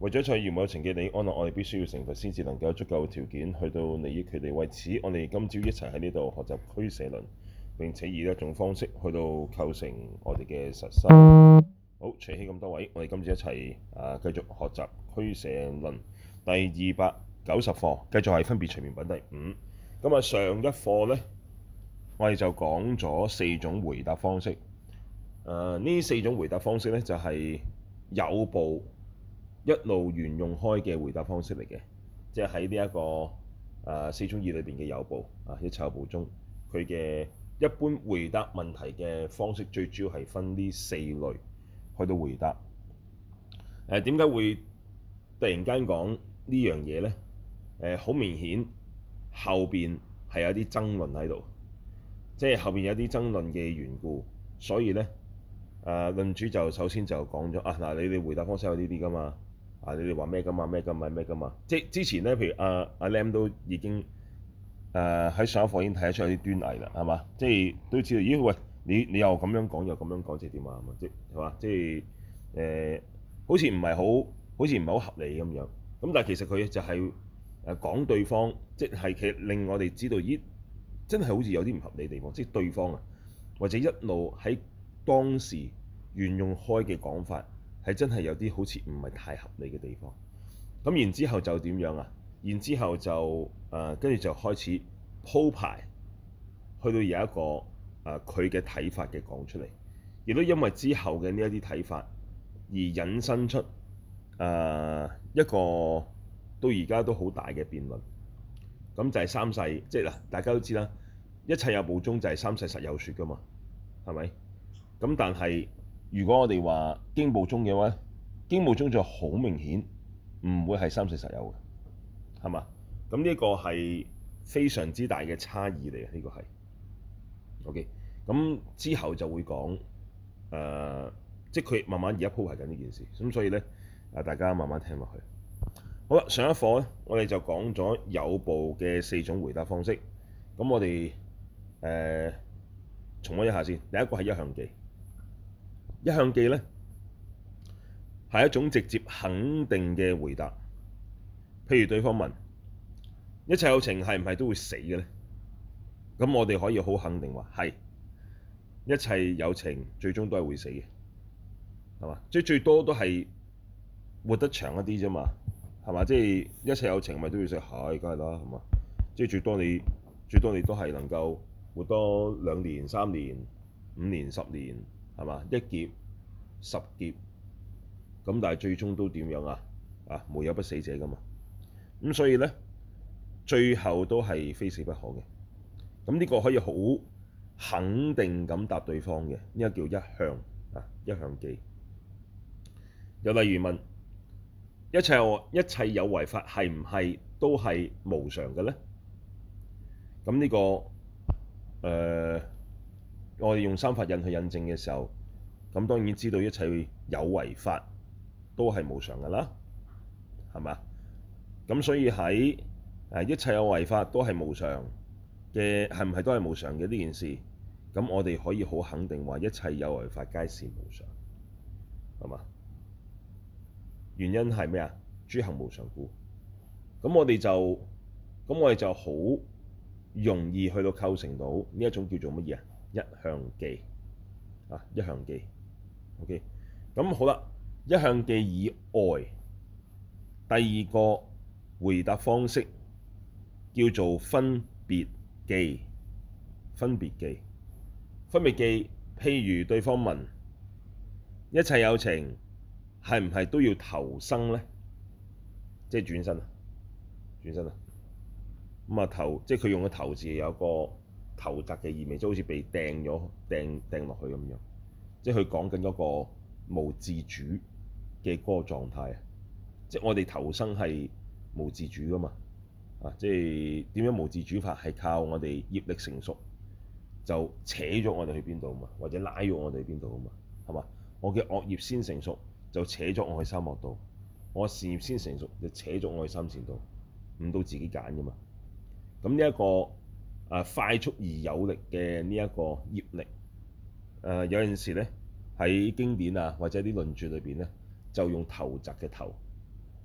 為咗採預謀有情嘅利益安樂，我哋必須要成佛，先至能夠有足夠條件去到利益佢哋。為此，我哋今朝一齊喺呢度學習俱舍論，並且以一種方式去到構成我哋嘅實修。好，除咗咁多位，我哋今朝一齊啊、呃、繼續學習俱舍論第二百九十課，繼續係分別隨眠品第五。咁啊，上一課呢，我哋就講咗四種回答方式。誒、呃，呢四種回答方式呢，就係、是、有部。一路沿用開嘅回答方式嚟嘅，即係喺呢一個誒四宗義裏邊嘅有部啊一切有部中佢嘅一般回答問題嘅方式，最主要係分呢四類去到回答。誒點解會突然間講呢樣嘢咧？誒、呃、好明顯後邊係有啲爭論喺度，即係後邊有啲爭論嘅緣故，所以咧誒、呃、論主就首先就講咗啊，嗱，你哋回答方式有呢啲㗎嘛？啊！你哋話咩噶嘛？咩噶，唔係咩噶嘛？即係之前咧，譬如阿阿、啊啊、Lam 都已經誒喺、啊、上一課已經睇得出有啲端倪啦，係嘛？即係都知道，咦？喂，你你又咁樣講又咁樣講，即係點啊？即係嘛？即係誒，好似唔係好好似唔係好合理咁樣。咁但係其實佢就係誒講對方，即係其實令我哋知道，咦？真係好似有啲唔合理地方，即係對方啊，或者一路喺當時沿用開嘅講法。係真係有啲好似唔係太合理嘅地方，咁然之後就點樣啊？然之後就誒，跟、呃、住就開始鋪排，去到有一個誒佢嘅睇法嘅講出嚟，亦都因為之後嘅呢一啲睇法而引申出誒、呃、一個到而家都好大嘅辯論。咁就係、是、三世，即係嗱，大家都知啦，一切有部中就係三世實有說㗎嘛，係咪？咁但係。如果我哋話經部中嘅話咧，經部中就好明顯，唔會係三世實有嘅，係嘛？咁呢個係非常之大嘅差異嚟嘅，呢、呢個係。OK，咁之後就會講、呃，即係佢慢慢而家鋪排緊呢件事。咁所以咧，啊大家慢慢聽落去。好啦，上一課咧，我哋就講咗有部嘅四種回答方式。咁我哋誒重溫一下先，第一個係一向記。一向記呢係一種直接肯定嘅回答。譬如對方問：一切有情係唔係都會死嘅呢？咁我哋可以好肯定話係，一切有情最終都係會死嘅，係嘛？即係最多都係活得長一啲啫嘛，係嘛？即係一切有情咪都要死㗎啦，係嘛？即係最多你最多你都係能夠活多兩年、三年、五年、十年。係嘛？一劫十劫，咁但係最終都點樣啊？啊，無有不死者噶嘛？咁所以呢，最後都係非死不可嘅。咁呢個可以好肯定咁答對方嘅，呢個叫一向啊，一向記。又例如問：一切一切有為法係唔係都係無常嘅呢？咁呢個誒？我哋用三法印去印證嘅時候，咁當然知道一切有為法都係無常㗎啦，係嘛？咁所以喺一切有為法都係無常嘅，係唔係都係無常嘅呢件事？咁我哋可以好肯定話，一切有為法皆是無常，係嘛？原因係咩啊？諸行無常故，咁我哋就咁我哋就好容易去到構成到呢一種叫做乜嘢？一向記啊，一向記，OK，咁好啦。一向記以外，第二個回答方式叫做分別記，分別記，分別記。譬如對方問：一切有情係唔係都要投生呢？即係轉身啦，轉身啦。咁啊，投即係佢用個投字有個。投擲嘅意味，就好似被掟咗、掟掟落去咁樣。即係佢講緊嗰個無自主嘅嗰個狀態啊！即係我哋投生係無自主噶嘛？啊，即係點樣無自主法？係靠我哋業力成熟就扯咗我哋去邊度嘛？或者拉咗我哋去邊度嘛？係嘛？我嘅惡業先成熟就扯咗我去三惡道；我善業先成熟就扯咗我去三善道，唔到自己揀噶嘛？咁呢一個。啊，快速而有力嘅呢一個業力，誒、啊、有陣時咧喺經典啊或者啲論著裏邊咧，就用投擲嘅投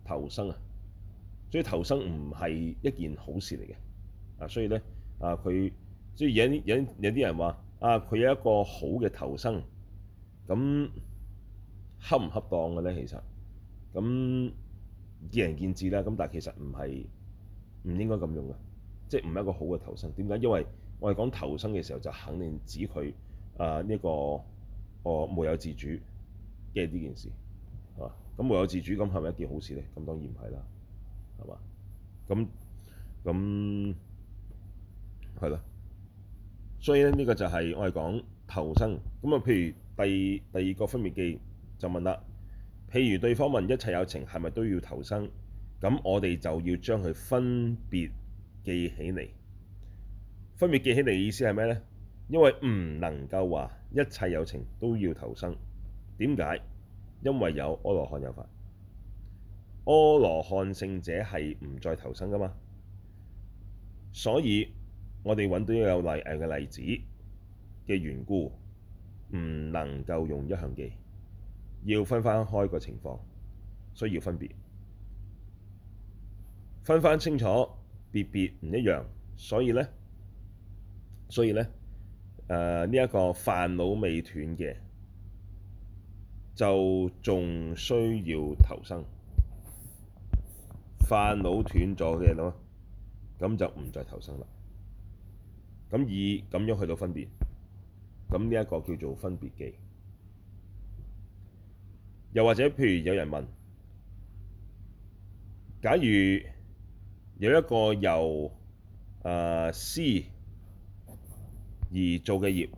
投生啊，所以投生唔係一件好事嚟嘅，啊所以咧啊佢即係有啲有有啲人話啊佢有一個好嘅投生，咁恰唔恰當嘅咧？其實咁見仁見智啦，咁但係其實唔係唔應該咁用嘅。即係唔係一個好嘅投生，點解？因為我哋講投生嘅時候，就肯定指佢啊呢、這個我無有自主嘅呢件事係嘛？咁無有自主咁係咪一件好事呢？咁當然唔係啦，係嘛？咁咁係咯。所以咧，呢個就係我哋講投生咁啊。譬如第二第二個分別記就問啦，譬如對方問一切有情係咪都要投生？咁我哋就要將佢分別。記起你分別記起你嘅意思係咩呢？因為唔能夠話一切有情都要投生。點解？因為有阿羅漢有法，阿羅漢聖者係唔再投生㗎嘛。所以我哋搵到有例嘅例子嘅緣故，唔能夠用一向記，要分翻開個情況，需要分別分翻清楚。別別唔一樣，所以呢，所以呢，呃呢一個煩惱未斷嘅，就仲需要投生；煩惱斷咗嘅，咯咁就唔再投生啦。咁以咁樣去到分別，咁呢一個叫做分別記。又或者譬如有人問：假如有一個由誒思、呃、而做嘅業，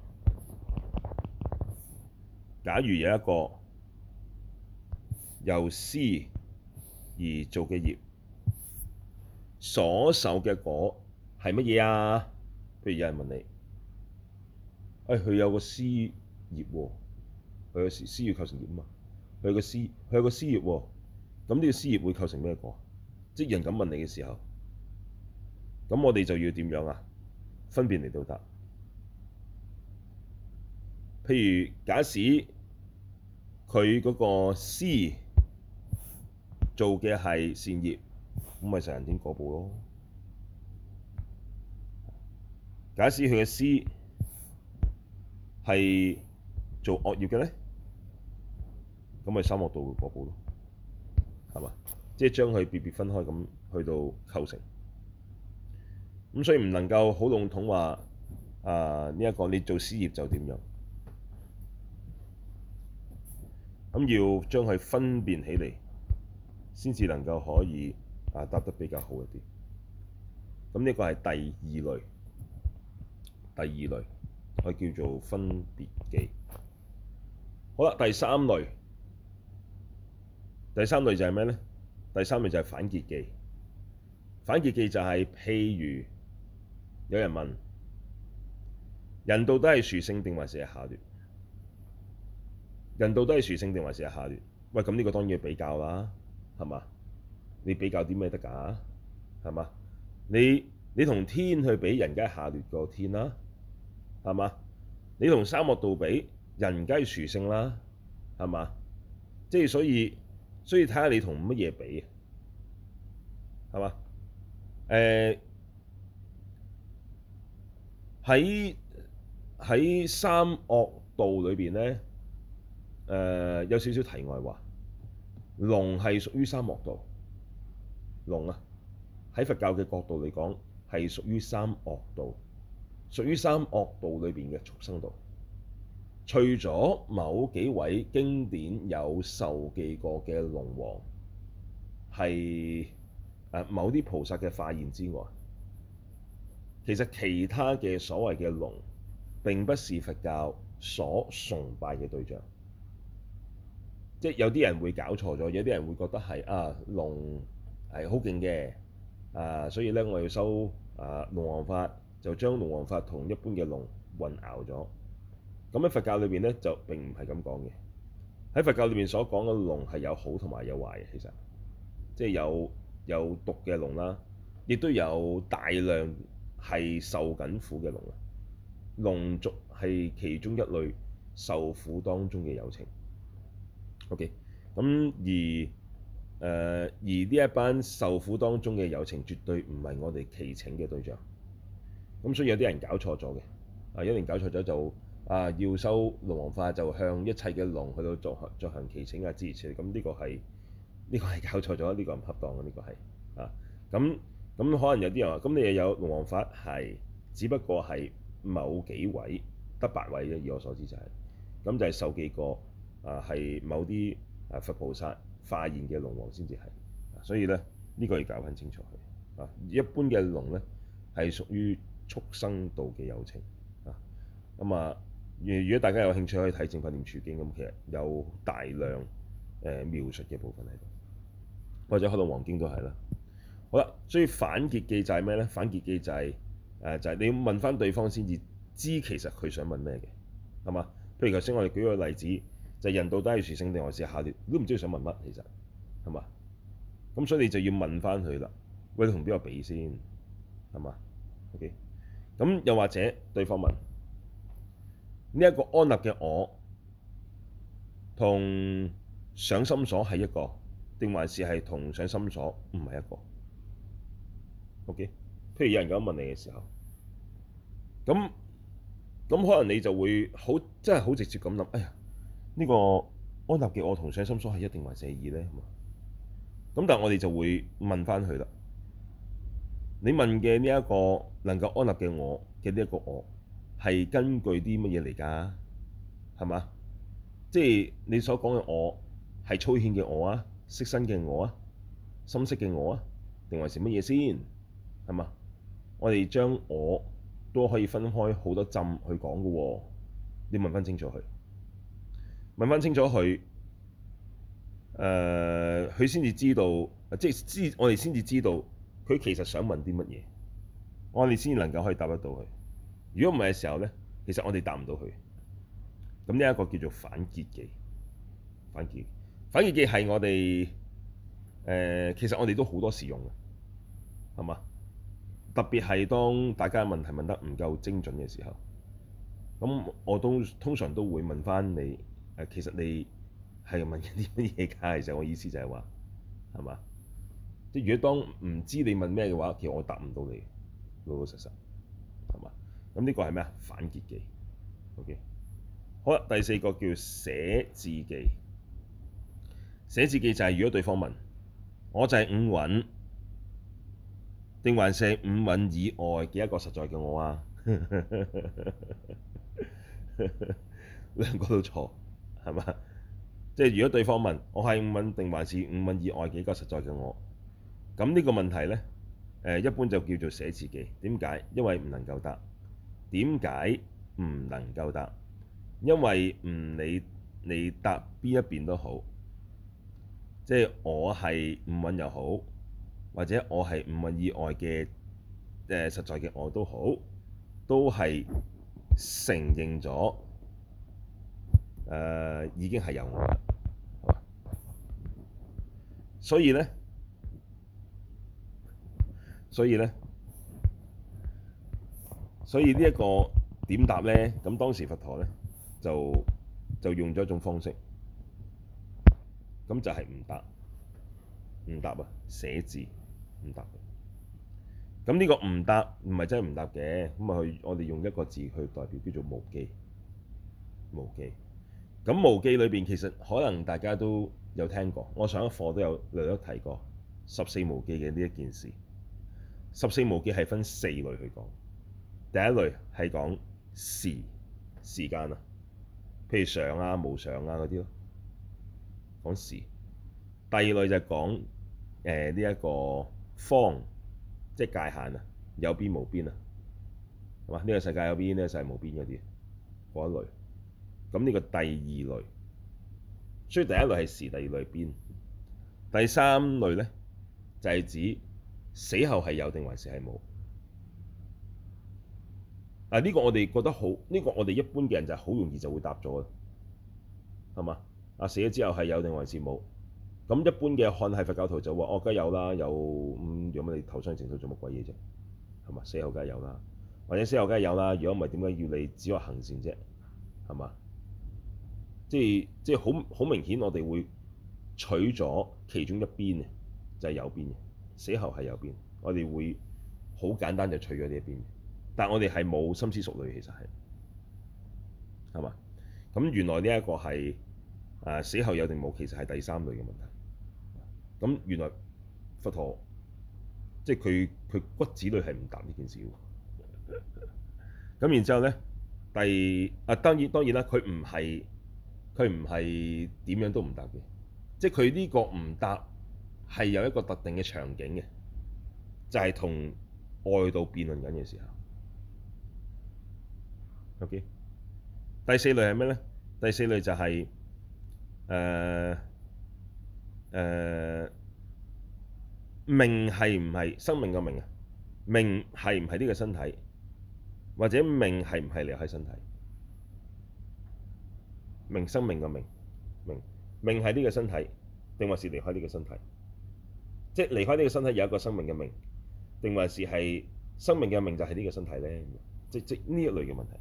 假如有一個由思而做嘅業，所受嘅果係乜嘢啊？譬如有人問你，誒、哎、佢有個思業喎，佢有思思業構成點啊？佢嘅思佢有思業喎，咁呢個思業會構成咩果？即人咁問你嘅時候。咁我哋就要點樣啊？分別嚟到答，譬如假使佢嗰個思做嘅係善業，咁咪受人天果報咯。假使佢嘅思係做惡業嘅咧，咁咪受惡道嘅果報咯，係嘛？即係將佢別別分開咁去到構成。咁所以唔能夠好籠統話，啊呢一個你做思業就點樣？咁要將佢分辨起嚟，先至能夠可以啊答得比較好一啲。咁呢個係第二類，第二類可以叫做分別記。好啦，第三類，第三類就係咩咧？第三類就係反詰記。反詰記就係、是、譬如。有人問：人到底係殊勝定還是係下劣？人到底係殊勝定還是係下劣？喂，咁呢個當然要比較啦，係嘛？你比較啲咩得㗎？係嘛？你你同天去比人梗係下劣過天啦，係嘛？你同下三道比人梗係殊勝啦，係嘛？即係所以，所以睇下你同乜嘢比啊？係嘛？誒。喺喺三惡道裏邊呢，誒、呃、有少少題外話。龍係屬於三惡道，龍啊，喺佛教嘅角度嚟講係屬於三惡道，屬於三惡道裏邊嘅畜生道。除咗某幾位經典有受記過嘅龍王，係誒某啲菩薩嘅化現之外。其實其他嘅所謂嘅龍，並不是佛教所崇拜嘅對象，即係有啲人會搞錯咗，有啲人會覺得係啊龍係好勁嘅啊，所以咧我要收啊龍王法，就將龍王法同一般嘅龍混淆咗。咁喺佛教裏邊咧就並唔係咁講嘅。喺佛教裏面所講嘅龍係有好同埋有壞嘅，其實即係有有毒嘅龍啦，亦都有大量係受緊苦嘅龍啊，龍族係其中一類受苦當中嘅有情。OK，咁而誒、呃、而呢一班受苦當中嘅有情，絕對唔係我哋祈請嘅對象。咁所以有啲人搞錯咗嘅，啊一嚟搞錯咗就啊要收龍王化就向一切嘅龍去到作行作行祈請啊支持，咁呢個係呢個係搞錯咗，呢個唔恰當嘅，呢個係啊咁。咁可能有啲人話，咁你又有龍王法係，只不過係某幾位得八位嘅。以我所知就係、是，咁就係受幾個啊係某啲啊佛菩薩化現嘅龍王先至係，所以咧呢個要搞返清楚去。啊，一般嘅龍咧係屬於畜生道嘅有情。啊，咁啊，如如果大家有興趣可以睇《正法念處經，咁其實有大量誒描述嘅部分喺度，或者可能黃經是》都係啦。好啦，所以反詰記就係咩咧？反詰記就係、誒、就係、是、你要問翻對方先至知其實佢想問咩嘅，係嘛？譬如頭先我哋舉個例子，就係、是、人到底係殊勝定還是下劣，都唔知佢想問乜其實，係嘛？咁所以你就要問翻佢啦，佢同邊個比先，係嘛？OK，咁又或者對方問呢一、這個安立嘅我同想心所係一個，定還是係同想心所唔係一個？OK，譬如有人咁問你嘅時候，咁咁可能你就會好真係好直接咁諗，哎呀，呢、這個安立嘅我同想心所係一定還是二呢？那，咁但係我哋就會問翻佢啦。你問嘅呢一個能夠安立嘅我嘅呢一個我係根據啲乜嘢嚟㗎？係嘛？即、就、係、是、你所講嘅我係粗顯嘅我啊，色身嘅我啊，深色嘅我啊，定還是乜嘢先？係嘛？我哋將我都可以分開好多針去講嘅喎，你問翻清楚佢，問翻清楚佢，誒，佢先至知道，即係知我哋先至知道，佢其實想問啲乜嘢，我哋先能夠可以答得到佢。如果唔係嘅時候咧，其實我哋答唔到佢。咁呢一個叫做反詰記，反詰，反詰記係我哋、呃、其實我哋都好多時用嘅，係嘛？特別係當大家嘅問題問得唔夠精準嘅時候，咁我都通常都會問翻你，誒，其實你係問緊啲乜嘢㗎？其實我意思就係話，係嘛？即係如果當唔知你問咩嘅話，其實我答唔到你，老老實實，係嘛？咁呢個係咩啊？反詰記，OK。好啦，第四個叫捨置記，捨置記就係如果對方問，我就係五蘊，定還是，是五蘊以外嘅一個實在嘅我啊？ 兩個都錯，係嘛？即係如果對方問我係五蘊定還是五蘊以外嘅一個實在嘅我，咁呢個問題呢，一般就叫做捨置記。點解？因為唔能夠答。點解唔能夠答？因為唔理你答邊一邊都好，即、就、係、是、我係五蘊又好。或者我係五蘊以外嘅，誒實在嘅我都好，都係承認咗，誒已經係有我啦。所以呢，所以呢，所以呢一個點答呢？咁當時佛陀呢就就用咗一種方式，咁就係唔答，唔答啊！寫字。唔答，咁呢個唔答，唔係真係唔答嘅，咁啊去我哋用一個字去代表叫做無記，無記。咁無記裏邊其實可能大家都有聽過，我上一課都有略略提過十四無記嘅呢一件事。十四無記係分四類去講，第一類係講時時間啊，譬如常啊無常啊嗰啲咯，講時。第二類就係講誒呢一個。方即係界限啊，有邊無邊啊，係嘛？呢個世界有邊，呢個世界無邊嗰啲，嗰一類。咁呢個第二類，所以第一類係時，第二類係邊，第三類咧就係指死後係有定還是係冇。啊，呢個我哋覺得好，呢個我哋一般嘅人就好容易就會答咗嘅，係嘛？啊，死咗之後係有定還是冇？咁一般嘅漢系佛教徒就話：我梗係有啦，有咁，有、嗯、乜你頭上淨做做乜鬼嘢啫？係嘛？死後梗係有啦，或者死後梗係有啦，如果唔係點解要你只話行善啫？係嘛？即係即係好好明顯，我哋會取咗其中一邊就係、是、有邊嘅，死後係有邊，我哋會好簡單就取咗呢一邊但係我哋係冇深思熟慮，其實係係嘛？咁原來呢一個係、啊、死後有定冇，其實係第三類嘅問題。咁原來佛陀即係佢佢骨子裏係唔答呢件事嘅。咁然之後咧，第啊當然當然啦，佢唔係佢唔係點樣都唔答嘅，即係佢呢個唔答係有一個特定嘅場景嘅，就係同外道辯論緊嘅時候。OK，第四類係咩咧？第四類就係、是、誒。呃誒、呃、命係唔係生命嘅命啊？命係唔係呢個身體，或者命係唔係離開身體？命生命嘅命，命命係呢個身體，定還是離開呢個身體？即係離開呢個身體有一個生命嘅命，定還是係生命嘅命就係呢個身體咧？即即呢一類嘅問題。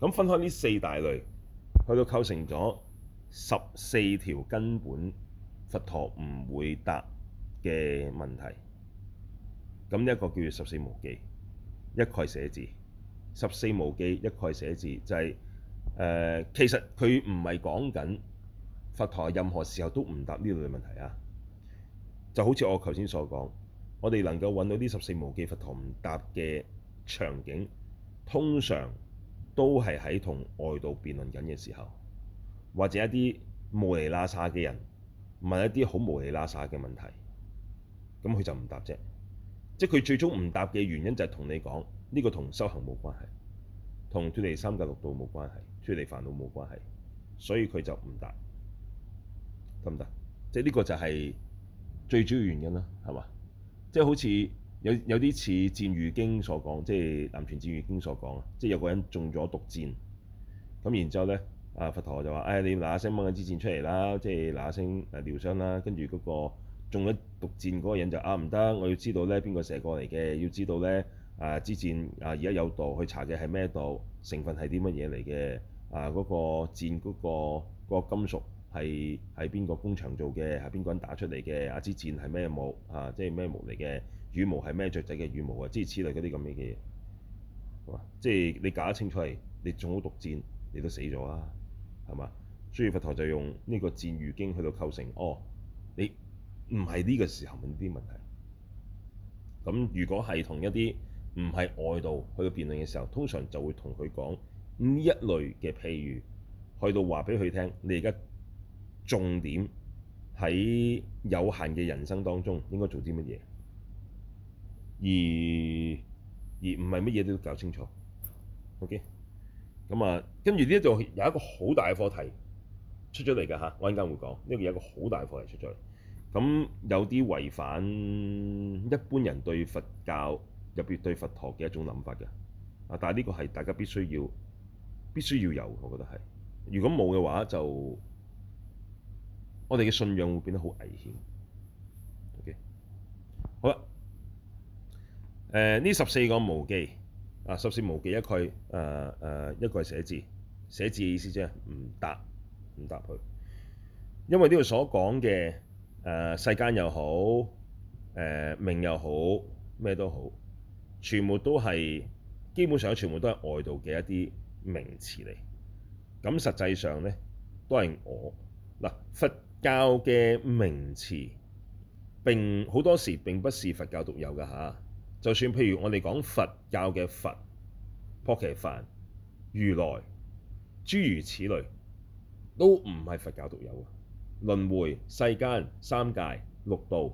咁分開呢四大類，去到構成咗十四條根本。佛陀唔會答嘅問題，咁一個叫做十四無記，一概捨置。十四無記，一概捨置就係、是呃、其實佢唔係講緊佛陀任何時候都唔答呢類嘅問題啊。就好似我頭先所講，我哋能夠揾到啲十四無記、佛陀唔答嘅場景，通常都係喺同外道辯論緊嘅時候，或者一啲無釐拉沙嘅人。問一啲好無理拉撒嘅問題，咁佢就唔答啫。即係佢最終唔答嘅原因就係同你講呢個同修行冇關係，同脫離三界六道冇關係，脫離煩惱冇關係，所以佢就唔答得唔得？即係呢個就係最主要原因啦，係嘛？即係好似有有啲似《箭喻經》所講，即係《南傳箭喻經》所講啊，即係有個人中咗毒箭，咁然之後咧。啊！佛陀就話：哎，你嗱下聲掹緊支箭出嚟啦，即係嗱下聲誒療傷啦。跟住嗰個中咗毒箭嗰個人就啊，唔得，我要知道咧邊個射過嚟嘅？要知道咧誒、啊、支箭啊而家有毒，去查嘅係咩毒成分係啲乜嘢嚟嘅？啊，嗰、嗰個箭嗰、嗰個嗰個金屬係喺邊個工場做嘅？係邊個人打出嚟嘅？啊支箭係咩毛啊？即係咩毛嚟嘅？羽毛係咩雀仔嘅羽毛啊？諸如此類嗰啲咁樣嘅嘢，即係你搞得清楚係你中咗毒箭，你都死咗啊！係嘛？所以佛陀就用呢個《箭喻經》去到構成，哦，你唔係呢個時候問啲問題。咁如果係同一啲唔係外道去到辯論嘅時候，通常就會同佢講呢一類嘅譬喻，去到話俾佢聽，你而家重點喺有限嘅人生當中應該做啲乜嘢，而而唔係乜嘢都要搞清楚。OK。咁啊，跟住呢一度有一個好大嘅課題出咗嚟嘅嚇，我一陣間會講，呢度有一個好大嘅課題出咗嚟。咁有啲違反一般人對佛教入邊對佛陀嘅一種諗法嘅，啊，但係呢個係大家必須要必須要有，我覺得係。如果冇嘅話就，就我哋嘅信仰會變得好危險。OK，好啦，誒呢十四個無記。啊，十四無記一句，誒、呃、誒、呃，一個係捨置，捨置嘅意思啫，唔答。唔答佢，因為呢度所講嘅誒世間又好，誒命又好，咩都好，全部都係基本上全部都係外道嘅一啲名詞嚟，咁實際上呢，都係我嗱、呃、佛教嘅名詞，並好多時並不是佛教獨有嘅嚇。啊就算譬如我哋講佛教嘅佛、薄伽梵、如來，諸如此類，都唔係佛教獨有嘅。輪迴、世間、三界、六道，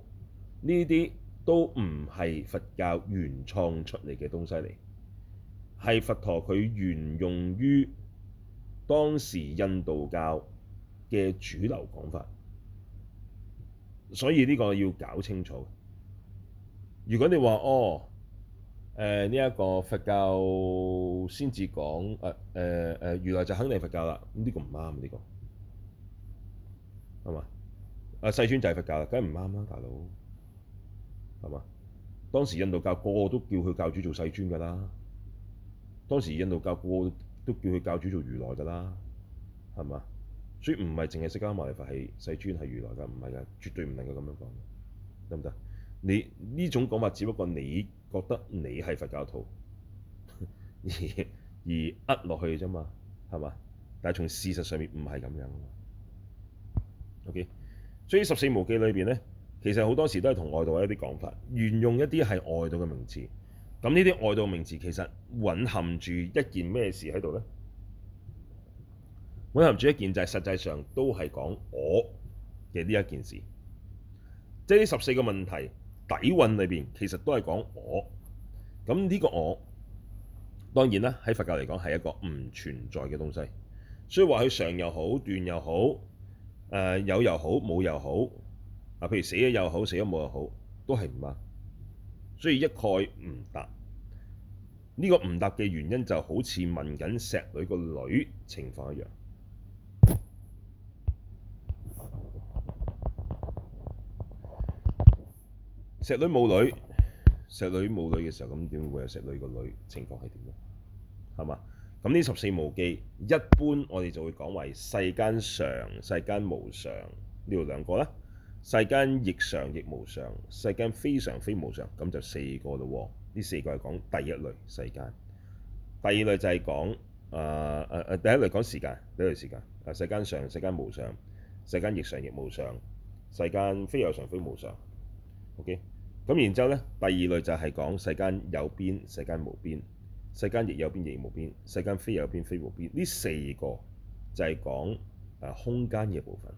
呢啲都唔係佛教原創出嚟嘅東西嚟，係佛陀佢原用於當時印度教嘅主流講法，所以呢個要搞清楚。如果你話哦，誒呢一個佛教先至講誒誒誒如來就肯定係佛教啦，咁呢個唔啱呢個，係嘛？啊世尊就係佛教啦，梗係唔啱啦，大佬，係嘛？當時印度教個個都叫佢教主做世尊噶啦，當時印度教個個都叫佢教主做如來噶啦，係嘛？所以唔係淨係釋迦牟尼佛係世尊係如來噶，唔係噶，絕對唔能夠咁樣講，得唔得？你呢種講法，只不過你覺得你係佛教徒，而而扼落去啫嘛，係嘛？但係從事實上面唔係咁樣。OK，所以十四無記裏邊呢，其實好多時都係同外道一啲講法，沿用一啲係外道嘅名詞。咁呢啲外道名詞其實隱含住一件咩事喺度呢？隱含住一件就係實際上都係講我嘅呢一件事，即係呢十四個問題。底蘊裏面其實都係講我，咁呢個我當然啦，喺佛教嚟講係一個唔存在嘅東西，所以話佢常又好，斷又好，誒、呃、有又好，冇又好，啊譬如死咗又好，死咗冇又好，都係唔啊，所以一概唔答。呢、這個唔答嘅原因就好似問緊石女個女情況一樣。石女冇女，石女冇女嘅時候，咁點會有石女個女？情況係點咧？係嘛？咁呢十四無記，一般我哋就會講為世間常、世間無常呢度兩個啦。世間亦常亦無常，世間非常非無常，咁就四個咯、喔。呢四個係講第一類世間，第二類就係講誒誒誒，第一類講時間，第一類時間誒，世間常、世間無常、世間亦常亦無常、世間非有常非無常。OK。咁然之後呢，第二類就係講世間有邊、世間無邊、世間亦有邊亦無邊、世間非有邊非無邊。呢四個就係講空間嘅部分。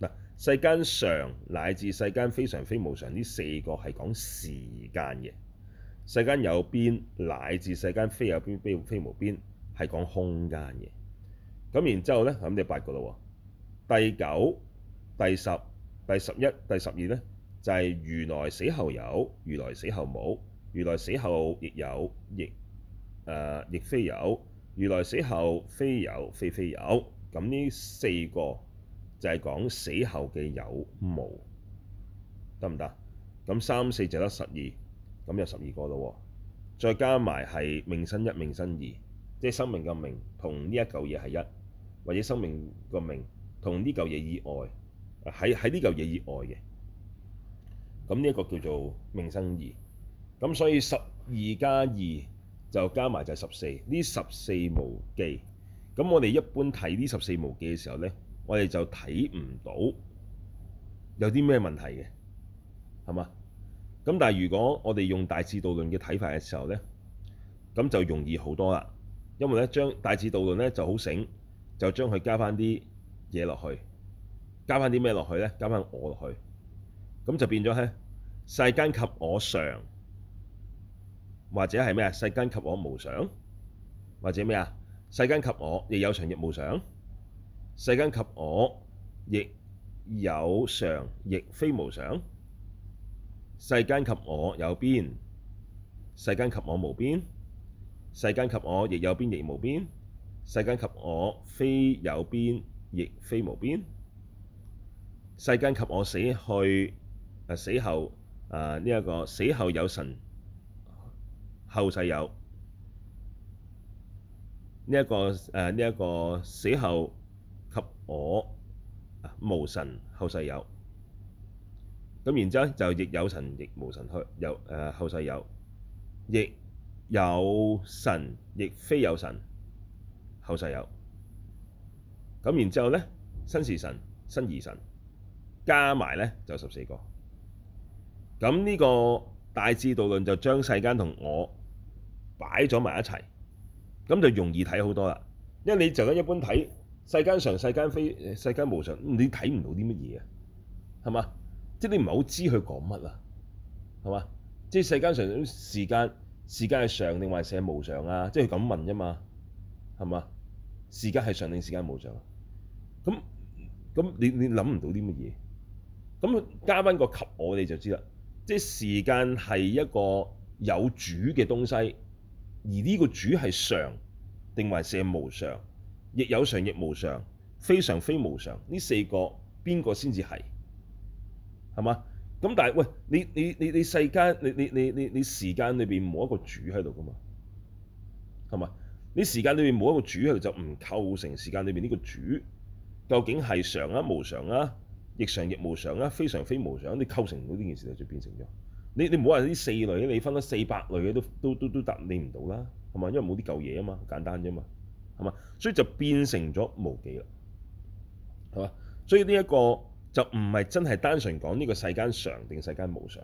嗱，世間常乃至世間非常非無常，常，呢四個係講時間嘅。世間有邊乃至世間非有邊非非無邊係講空間嘅。咁然之後呢，咁就八個啦喎，第九、第十、第十一、第十二呢。就係如來死後有，如來死後冇，如來死後亦有，亦誒、呃、亦非有，如來死後非有非非有。咁呢四個就係講死後嘅有冇，得唔得？咁三四就得十二，咁有十二個咯。再加埋係命身一、命身二，即係生命嘅命同呢一嚿嘢係一，或者生命個命同呢嚿嘢以外，喺喺呢嚿嘢以外嘅。咁呢個個叫做命身異，咁所以十二加二就加埋就係十四。呢十四無記，咁我哋一般睇呢十四無記嘅時候呢，我哋就睇唔到有啲咩問題嘅，係嘛？咁但係如果我哋用大智度論嘅睇法嘅時候呢，咁就容易好多啦。因為呢，將大智度論呢就好醒，就將佢加翻啲嘢落去，加翻啲咩落去呢？加翻我落去。咁就變咗係，世間及我常，或者係咩啊？世間及我無常，或者咩啊？世間及我亦有常亦無常，世間及我亦有常亦非無常，世間及我有邊，世間及我無邊，世間及我亦有邊亦無邊，世間及我非有邊亦非無邊，世間及我死去。啊！死後啊，呢、呃、一、這個死後有神，後世有呢一、這個誒，呢、呃、一、這個死後及我無神後世有咁，然之後就亦有神亦無神，去有誒後世有亦有神亦非有神後世有咁，然之後咧身是神身異神加埋咧就十四個。咁呢個大智度論就將世間同我擺咗埋一齊，咁就容易睇好多啦。因為你就得一般睇世間常、世間非、世間無常，你睇唔到啲乜嘢啊？係嘛？即、就是、你唔係好知佢講乜啊？係嘛？即、就、係、是、世間常時間，時間係常定還是係無常啊？即係佢咁問啫嘛？係嘛？時間係常定時間無常？咁咁你你諗唔到啲乜嘢？咁佢加翻個及我你就知啦。即係時間係一個有主嘅東西，而呢個主係常定還是係無常，亦有常亦無常，非常非無常。呢四個邊個先至係，係嘛？咁但係喂，你你你你世間，你你你你你時間裏邊冇一個主喺度㗎嘛？係嘛？你時間裏邊冇一個主喺度，就唔構成時間裏邊呢個主。究竟係常啊，無常啊？亦常亦無常啦，非常非無常，你構成到呢件事就變成咗。你你唔好話呢四類你分咗四百類嘅都都都都答你唔到啦，同埋因為冇啲舊嘢啊嘛，簡單啫嘛，係嘛？所以就變成咗無記啦，係嘛？所以呢一個就唔係真係單純講呢個世間常定世間無常，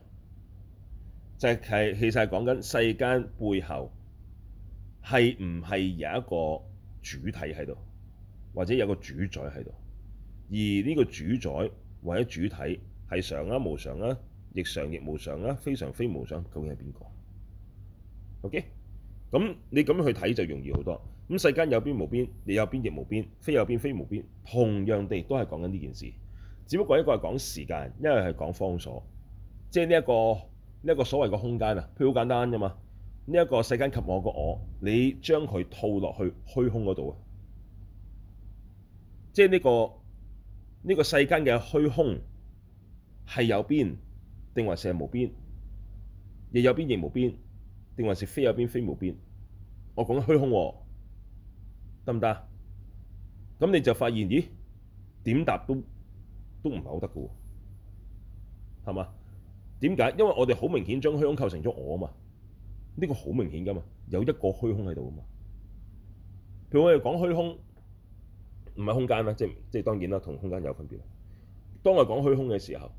就係其實係講緊世間背後係唔係有一個主體喺度，或者有一個主宰喺度，而呢個主宰。或者主體係常啊，無常啊，亦常亦無常啊，非常非無常，究竟係邊個？OK，咁你咁去睇就容易好多。咁世間有邊無邊？亦有邊亦無邊，非有邊非無邊，同樣地都係講緊呢件事。只不過一個係講時間，一個係講方所，即係呢一個呢一個所謂個空間啊。譬如好簡單啫嘛，呢一個世間及我個我，你將佢套落去虛空嗰度啊，即係呢個。呢個世間嘅虛空係有邊定還是無邊？亦有邊亦無邊定還是非有邊非無邊？我講虛空喎、哦，得唔得？咁你就發現，咦？點答都都唔係好得嘅喎，係嘛？點解？因為我哋好明顯將虛空構成咗我啊嘛，呢、這個好明顯㗎嘛，有一個虛空喺度啊嘛。譬如我哋講虛空。唔係空間啦，即係即係當然啦，同空間有分別。當我講虛空嘅時候，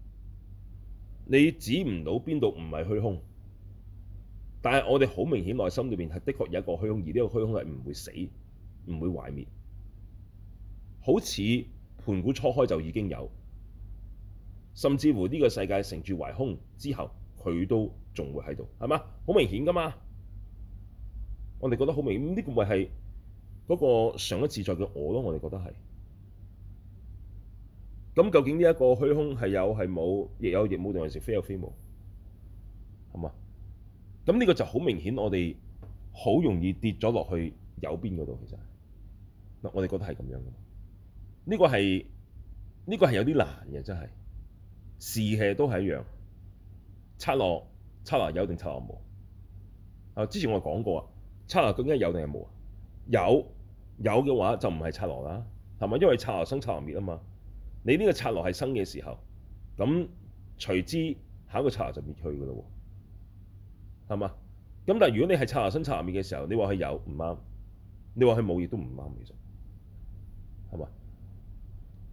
你指唔到邊度唔係虛空，但係我哋好明顯內心裏邊係的確有一個虛空，而呢個虛空係唔會死、唔會壞滅。好似盤古初開就已經有，甚至乎呢個世界成住壞空之後，佢都仲會喺度，係嘛？好明顯㗎嘛，我哋覺得好明顯，呢個咪係？嗰個上一次再嘅我咯，我哋覺得係。咁究竟呢一個虛空係有係冇，亦有亦冇定係成非有非冇，係嘛？咁呢個就好明顯，我哋好容易跌咗落去右邊嗰度，其實，我哋覺得係咁樣。呢個係呢個係有啲難嘅，真係。視器都係一樣，測落測落有定測落冇。啊，之前我講過啊，測啊究竟係有定係冇啊？有。有嘅話就唔係剎那啦，係咪？因為剎那生剎那滅啊嘛。你呢個剎那係生嘅時候，咁隨之下一個剎那就滅去嘅啦喎，係嘛？咁但如果你係剎那生剎那滅嘅時候，你話佢有唔啱，你話佢冇亦都唔啱，其實係嘛？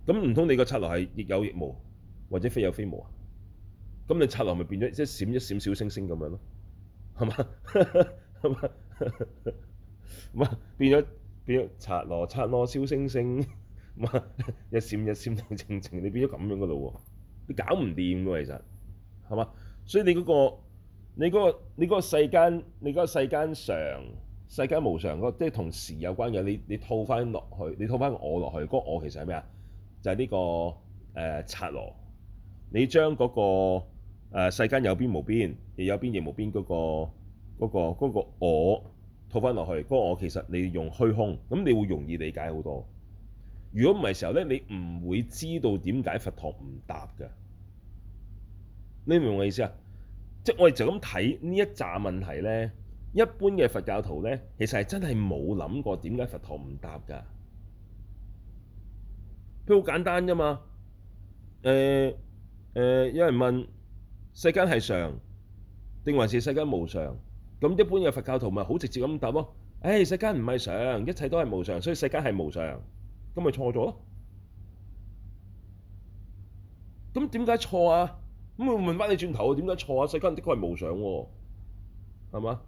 咁唔通你個剎那係亦有亦無，或者非有非無啊？咁你剎那咪變咗即係閃一閃小星星咁樣咯，係嘛？係嘛？變咗。變咗擦螺擦螺，燒星星，咁啊一閃一閃，靜靜，你變咗咁樣嘅嘞喎，你搞唔掂嘅喎其實，係嘛？所以你嗰個，你嗰個，你嗰個世間，你嗰個世間常、世間無常、嗰、即係同時有關嘅，你你套翻落去，你套翻我落去，嗰個我其實係咩啊？就係呢個誒擦螺，你將嗰個誒世間有邊無邊，你有邊亦無邊嗰個嗰個嗰個我。套翻落去，不過我其實你用虛空，咁你會容易理解好多。如果唔係時候呢，你唔會知道點解佛陀唔答㗎。你明唔明我意思啊？即我哋就咁睇呢一紮問題呢。一般嘅佛教徒呢，其實係真係冇諗過點解佛陀唔答㗎。佢好簡單啫嘛。誒、呃、誒、呃，有人問世間：世間係常，定還是世間無常？咁一般嘅佛教徒咪好直接咁答咯，誒、哎、世間唔係常，一切都係無常，所以世間係無常，咁咪錯咗咯。咁點解錯啊？咁我問翻你轉頭，點解錯啊？世間的確係無常喎、啊，係嘛？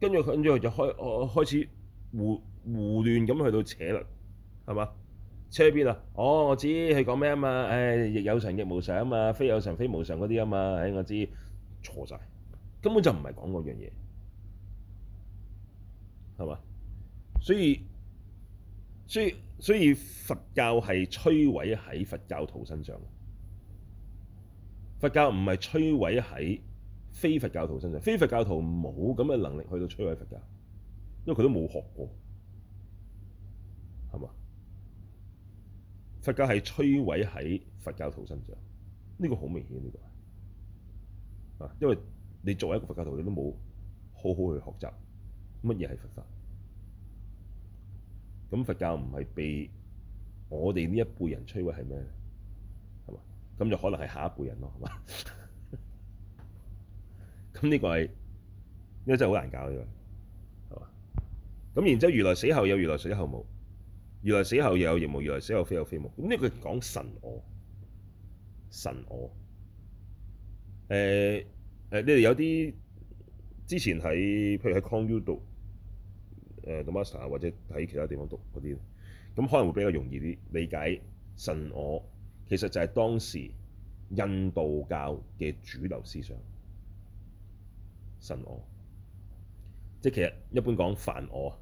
跟住佢跟住佢就開始、呃、開始胡胡亂咁去到扯啦，係嘛？扯邊啊？哦，我知佢講咩啊嘛，誒、哎、亦有常亦無常啊嘛，非有常非無常嗰啲啊嘛，誒我知錯晒。根本就唔係講嗰樣嘢，係嘛？所以，所以，所以佛教係摧毀喺佛教徒身上。佛教唔係摧毀喺非佛教徒身上，非佛教徒冇咁嘅能力去到摧毀佛教，因為佢都冇學過，係嘛？佛教係摧毀喺佛教徒身上，呢個好明顯，呢個啊，因為。你作為一個佛教徒，你都冇好好去學習乜嘢係佛法。咁佛教唔係被我哋呢一輩人摧毀係咩？係嘛？咁就可能係下一輩人咯，係嘛？咁 呢個係呢、呢個真係好難搞嘅，係嘛？咁然之後，如後，如後，如來死後有，如來死後冇，如來死後又有亦無；如來死後非有非無。咁呢個係講神我，神我，誒、欸。誒、呃，你哋有啲之前喺譬如喺 Conu 讀誒 Master、呃、或者喺其他地方讀嗰啲，咁可能會比較容易啲理解神我，其實就係當時印度教嘅主流思想神我，即係其實一般講凡我，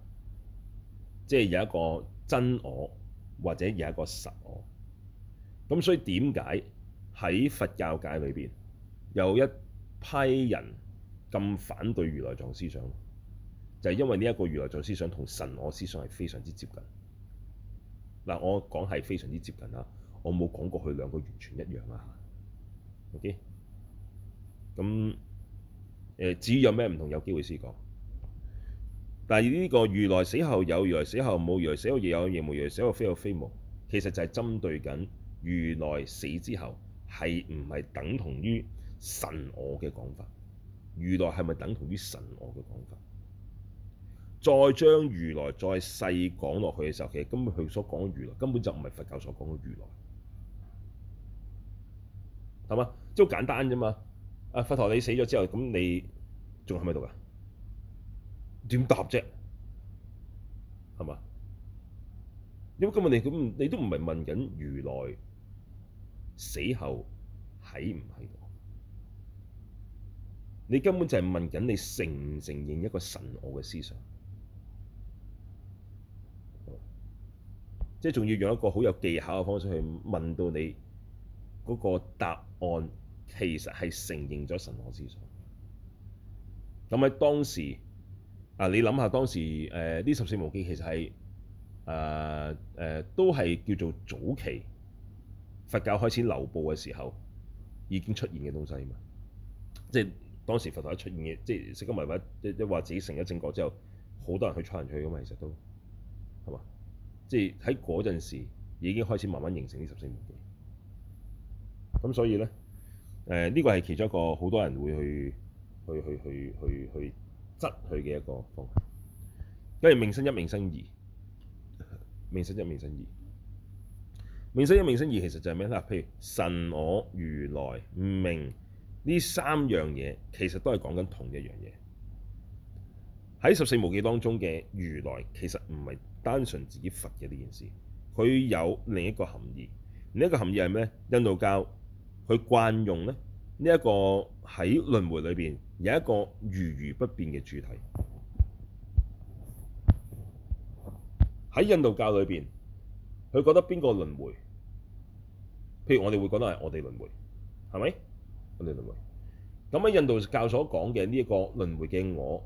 即係有一個真我或者有一個實我。咁所以點解喺佛教界裏邊有一批人咁反對如來藏思想，就係因為呢一個如來藏思想同神我思想係非常之接近。嗱，我講係非常之接近啊，我冇講過佢兩個完全一樣啊。OK，咁誒至於有咩唔同？有機會試講。但係呢個如來死後有，如來死後冇，如來死後亦有，亦冇如來死後非有非冇。其實就係針對緊如來死之後係唔係等同於？神我嘅講法，如來係咪等同於神我嘅講法？再將如來再細講落去嘅時候，其實根本佢所講嘅如來根本就唔係佛教所講嘅如來，係嘛？即係好簡單啫嘛！啊，佛陀你死咗之後，咁你仲喺咪度㗎？點答啫？係嘛？因為咁問你，咁你都唔係問緊如來死後喺唔喺度？你根本就係問緊你承唔承認一個神我嘅思想，即係仲要用一個好有技巧嘅方式去問到你嗰個答案，其實係承認咗神我思想。咁喺當時啊，你諗下當時誒呢、呃、十四無記其實係誒誒都係叫做早期佛教開始流布嘅時候已經出現嘅東西嘛，即係。當時佛陀一出現嘅，即係食咗麻煩，即係即係話自己成咗正果之後，好多人去吹人出去，嘅嘛，其實都係嘛？即係喺嗰陣時已經開始慢慢形成呢十四無記。咁所以咧，誒呢個係其中一個好多人會去去去去去去，去質佢嘅一個方法。因為命身一命身異，命身一命身異，命身一命身異其實就係咩啦？譬如神我如來命。呢三樣嘢其實都係講緊同一樣嘢。喺十四無記當中嘅如來其實唔係單純指佛嘅呢件事，佢有另一個含義。另一個含義係咩？印度教佢慣用咧呢一個喺輪迴裏邊有一個如如不變嘅主體。喺印度教裏邊，佢覺得邊個輪迴？譬如我哋會覺得係我哋輪迴，係咪？咁輪迴，咁喺印度教所講嘅呢一個輪迴嘅我，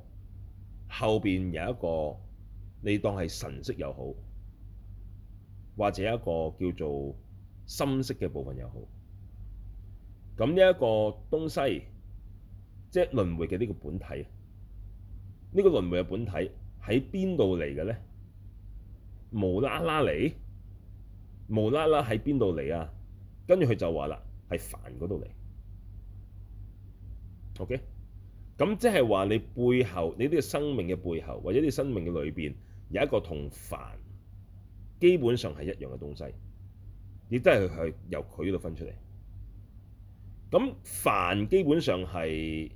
後邊有一個你當係神識又好，或者一個叫做心識嘅部分又好，咁呢一個東西，即係輪迴嘅呢個本體，呢、這個輪迴嘅本體喺邊度嚟嘅呢？無啦啦嚟，無啦啦喺邊度嚟啊？跟住佢就話啦，係梵嗰度嚟。OK，咁即係話你背後，你呢個生命嘅背後，或者你生命嘅裏邊有一個同梵，梵基本上係一樣嘅東西，亦都係佢由佢度分出嚟。咁梵基本上係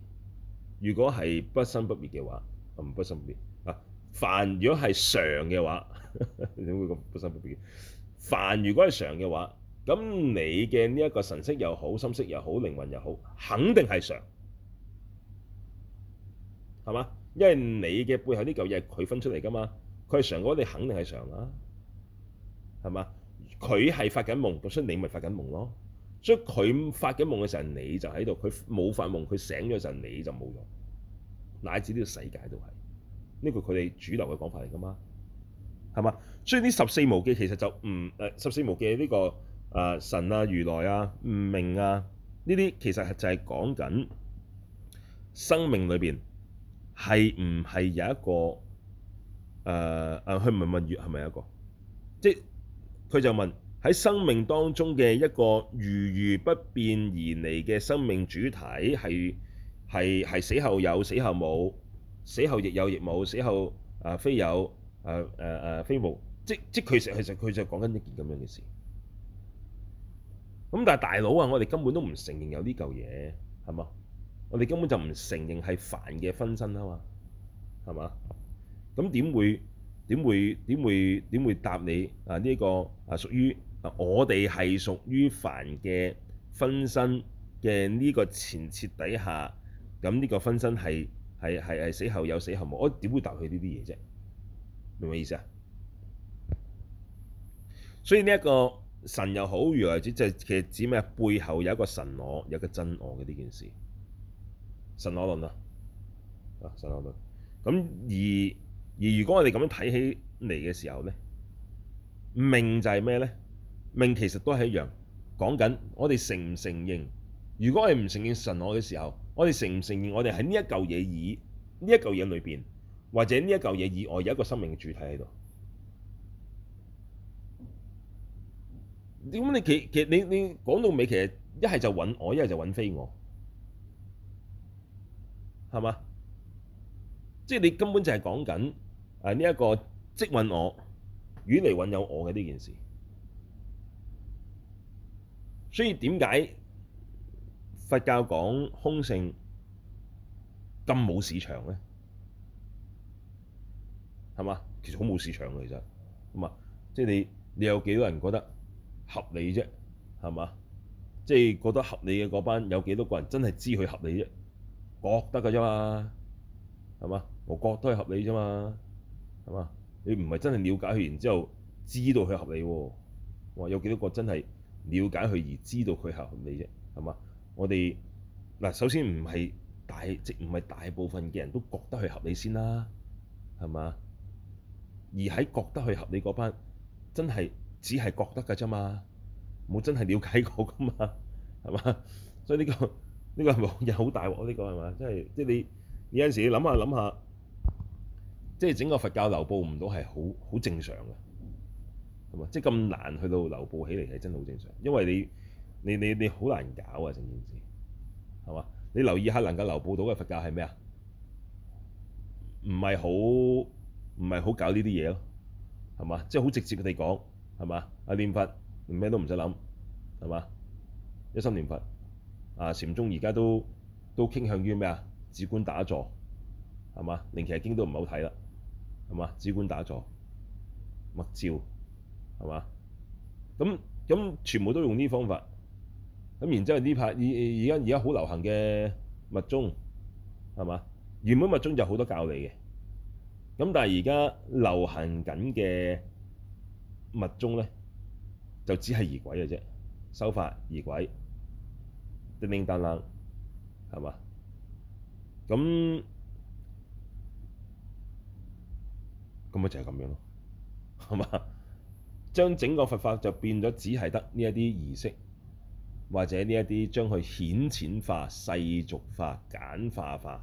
如果係不生不滅嘅話，唔不，不生不滅啊。梵如果係常嘅話，點 會咁不生不滅？梵如果係常嘅話，咁你嘅呢一個神識又好，心識又好，靈魂又好，肯定係常。係嘛？因為你嘅背後呢嚿嘢，係佢分出嚟㗎嘛。佢係常嗰，你肯定係常啦。係嘛？佢係發緊夢，咁所以你咪發緊夢咯。所以佢發緊夢嘅時候，你就喺度；佢冇發夢，佢醒咗嘅時候，你就冇用。乃至呢個世界都係呢個，佢哋主流嘅講法嚟㗎嘛。係嘛？所以呢十四無記其實就唔誒、呃、十四無記呢、呢個啊、呃、神啊、如來啊、唔命啊呢啲其實就係講緊生命裏邊。係唔係有一個誒誒？佢問問月係咪有一個？即係佢就問喺生命當中嘅一個如如不變而嚟嘅生命主體，係係係死後有死後冇，死後亦有亦冇，死後誒非有誒誒誒非無。即即佢成其實佢就講緊一件咁樣嘅事。咁但係大佬啊，我哋根本都唔承認有呢嚿嘢，係嘛？我哋根本就唔承認係凡嘅分身啊嘛，係嘛？咁點會點會點會點會答你啊？呢、這個啊屬於、啊、我哋係屬於凡嘅分身嘅呢個前設底下，咁呢個分身係係係係死後有死後冇，我點會答佢呢啲嘢啫？明唔明意思啊？所以呢一個神又好，如來之即係其實指咩？背後有一個神我，有個真我嘅呢件事。神我論啊，啊神我論，咁而而如果我哋咁樣睇起嚟嘅時候咧，命就係咩咧？命其實都係一樣，講緊我哋承唔承認。如果我哋唔承認神我嘅時候，我哋承唔承認我哋喺呢一嚿嘢以呢一嚿嘢裏邊，或者呢一嚿嘢以外有一個生命嘅主體喺度？點解你其其實你你講到尾其實一係就揾我，一係就揾非我？係嘛？即係你根本就係講緊誒呢一個即蘊我魚嚟揾有我嘅呢件事，所以點解佛教講空性咁冇市場咧？係嘛？其實好冇市場嘅，其實咁啊，即係你你有幾多人覺得合理啫？係嘛？即係覺得合理嘅嗰班有幾多個人真係知佢合理啫？覺得嘅啫嘛，係嘛？我覺得係合理啫嘛，係嘛？你唔係真係了解佢，然之後知道佢合理喎、啊。我有幾多個真係了解佢而知道佢係合理啫？係嘛？我哋嗱，首先唔係大即唔係大部分嘅人都覺得佢合理先啦，係嘛？而喺覺得佢合理嗰班，真係只係覺得嘅啫嘛，冇真係了解過噶嘛，係嘛？所以呢個。呢個冇嘢，好大鑊喎！呢個係嘛？即係即係你有陣時你諗下諗下，即係整個佛教流布唔到係好好正常嘅，係嘛？即係咁難去到流布起嚟係真係好正常的，因為你你你你好難搞啊成件事，係嘛？你留意下能夠流布到嘅佛教係咩啊？唔係好唔係好搞呢啲嘢咯，係嘛？即係好直接嘅地講，係嘛？啊，念佛，咩都唔使諗，係嘛？一心念佛。啊！禪宗而家都都傾向於咩啊？只管打坐，係嘛？《楞伽經》都唔好睇啦，係嘛？只管打坐、默照，係嘛？咁咁全部都用呢方法，咁然之後呢排而而家而家好流行嘅密宗，係嘛？原本密宗就好多教理嘅，咁但係而家流行緊嘅密宗咧，就只係儀軌嘅啫，修法儀軌。叮叮噹噹，係嘛？咁咁咪就係咁樣咯，係嘛？將整個佛法就變咗，只係得呢一啲儀式，或者呢一啲將佢顯淺化、世俗化、簡化化，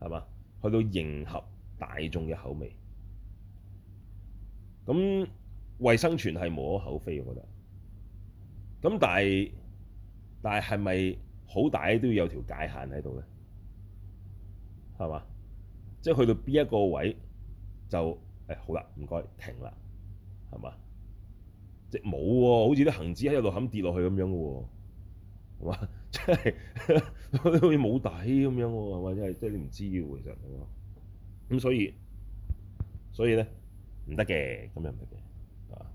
係嘛？去到迎合大眾嘅口味，咁為生存係無可厚非，我覺得。咁但係。但係係咪好大都要有一條界限喺度咧？係嘛？即係去到邊一個位就誒好啦，唔該停啦，係嘛？即冇喎，好似啲恆指喺度冚跌落去咁樣嘅喎，係嘛？即係 好似冇底咁樣喎，係嘛？即係即係你唔知嘅喎，其實係嘛？咁所以所以咧，唔得嘅，咁又唔得啊？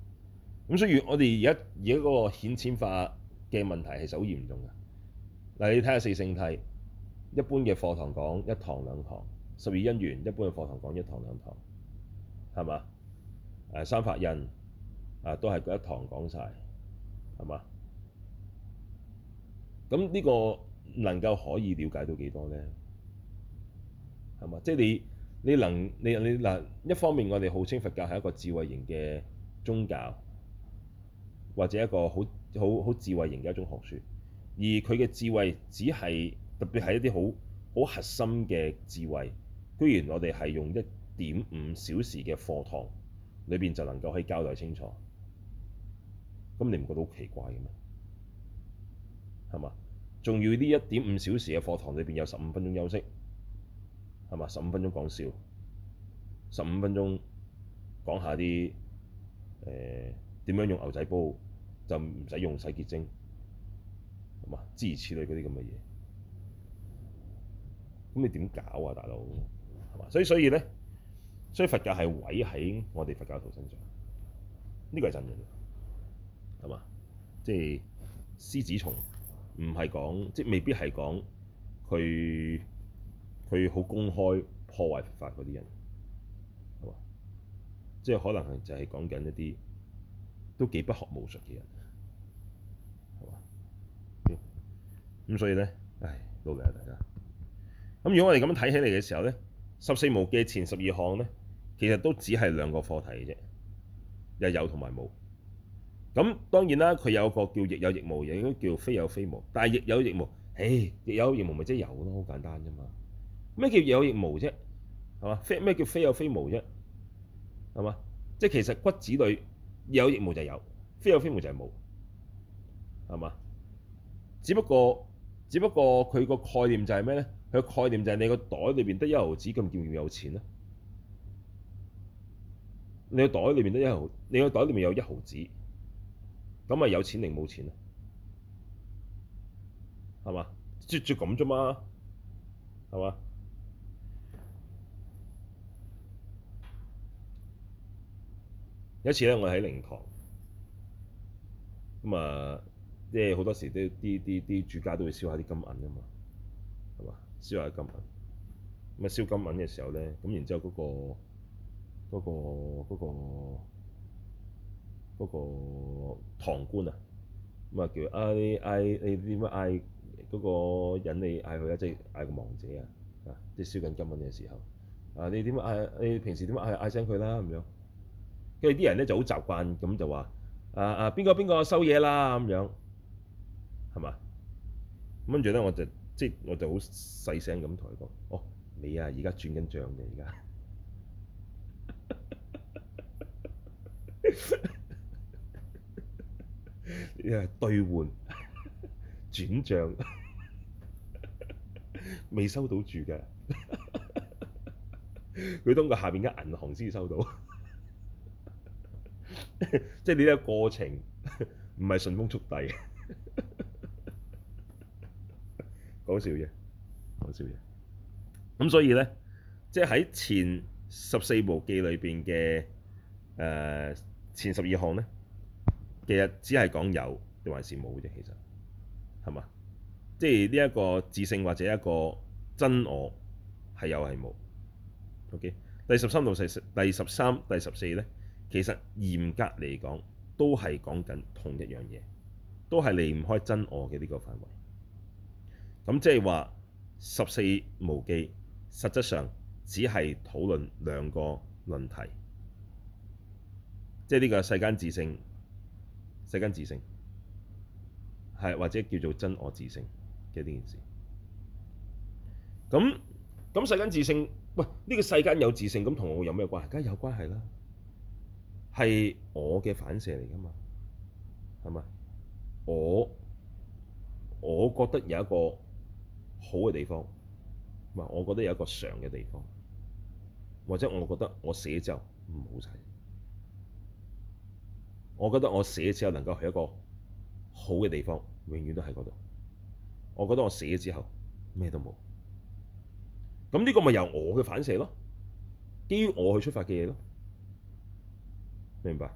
咁所以我哋而家而家嗰個顯淺法。嘅問題係好嚴重㗎。嗱，你睇下四聖諦，一般嘅課堂講一堂兩堂；十二因緣，一般嘅課堂講一堂兩堂，係嘛？誒三法印啊，都係一堂講晒，係嘛？咁呢個能夠可以了解到幾多咧？係嘛？即係你你能你你嗱，一方面我哋號稱佛教係一個智慧型嘅宗教，或者一個好好好智慧型嘅一種學術，而佢嘅智慧只係特別係一啲好好核心嘅智慧，居然我哋係用一點五小時嘅課堂裏邊就能夠可以交代清楚，咁你唔覺得好奇怪嘅咩？係嘛？仲要呢一點五小時嘅課堂裏邊有十五分鐘休息，係嘛？十五分鐘講笑，十五分鐘講下啲誒點樣用牛仔煲。就唔使用洗潔精，係嘛？諸如此類嗰啲咁嘅嘢，咁你點搞啊，大佬？係嘛？所以所以咧，所以佛教係毀喺我哋佛教徒身上，呢個係真嘅，係嘛？即係獅子蟲唔係講，即係未必係講佢佢好公開破壞佛法嗰啲人，係嘛？即係可能係就係講緊一啲都幾不學無術嘅人，係嘛？咁、嗯、所以咧，唉，多謝大家。咁如果我哋咁樣睇起嚟嘅時候咧，十四無記嘅前十二項咧，其實都只係兩個課題嘅啫，又有同埋冇。咁當然啦，佢有個叫亦有亦無，有啲叫非有非無。但係亦有亦無，誒、欸，亦有亦無咪即係有咯，好簡單啫嘛。咩叫亦有亦無啫？係嘛？咩叫非有非無啫？係嘛？即係其實骨子裏。亦有亦無就有，非有非無就係冇，係嘛？只不過，只不過佢個概念就係咩咧？佢個概念就係你個袋裏邊得一毫紙，咁叫唔叫有錢啊？你個袋裏邊得一毫，你個袋裏面有一毫紙，咁係有錢定冇錢啊？係嘛？即係咁啫嘛，係嘛？有一次咧，我喺靈堂，咁啊，即係好多時都啲啲啲主家都會燒下啲金銀啊嘛，係嘛？燒下啲金銀。咁啊，燒金銀嘅時候咧，咁然之後嗰個嗰個嗰個嗰個堂官啊，咁啊叫啊你嗌你點樣嗌嗰個人你嗌佢啊，即係嗌個亡者啊，啊，即係燒緊金銀嘅時候，啊你點樣嗌你平時點樣嗌嗌聲佢啦咁樣。跟住啲人咧就好習慣，咁就話：啊啊，邊個邊個收嘢啦？咁樣係嘛？跟住咧我就即係我就好細聲咁同佢講：哦，你啊而家轉緊賬嘅而家，啊 兌換轉賬未收到住嘅，佢通過下面間銀行先收到。 即係呢個過程唔係順風速遞嘅， 講笑嘢，講笑嘢。咁所以咧，即係喺前十四部記裏邊嘅誒前十二項咧，其實只係講有，定還是冇啫。其實係嘛？即係呢一個自性或者一個真我係有係冇。OK，第十三到十四，第十三、第十四咧。其實嚴格嚟講，都係講緊同一樣嘢，都係離唔開真我嘅呢個範圍。咁即係話十四無記，實質上只係討論兩個論題，即係呢個世間自性、世間自性，係或者叫做真我自性嘅呢件事。咁咁世間自性，喂呢個世間有自性，咁同我有咩關係？梗係有關係啦。係我嘅反射嚟㗎嘛？係咪？我我覺得有一個好嘅地方，唔係我覺得有一個常嘅地方，或者我覺得我死咗之後唔好睇，我覺得我死咗之後能夠去一個好嘅地方，永遠都喺嗰度。我覺得我死咗之後咩都冇，咁呢個咪由我嘅反射咯，基於我去出發嘅嘢咯。明白，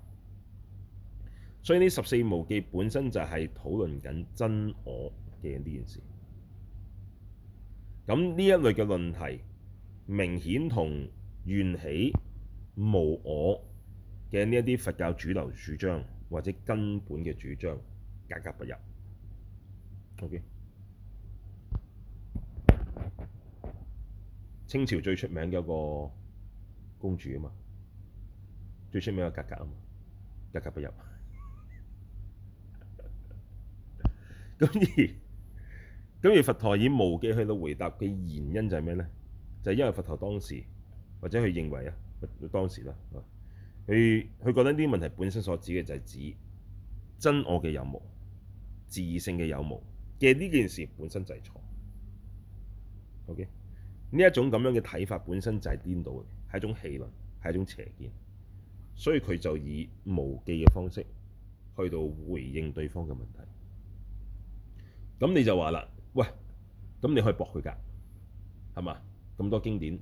所以呢十四無記本身就係討論緊真我嘅呢件事。咁呢一類嘅論題，明顯同緣起無我嘅呢一啲佛教主流主張或者根本嘅主張格格不入。OK，清朝最出名嘅一個公主啊嘛。最出名嘅格格啊嘛，格格不入。咁而咁而佛陀以無記去到回答嘅原因就係咩咧？就係、是、因為佛陀當時或者佢認為啊，當時啦佢佢覺得呢啲問題本身所指嘅就係指真我嘅有無、自性嘅有無嘅呢件事本身就係錯。OK，呢一種咁樣嘅睇法本身就係顛倒嘅，係一種戲論，係一種邪見。所以佢就以無記嘅方式去到回應對方嘅問題。咁你就話啦，喂，咁你可以駁佢㗎，係嘛？咁多經典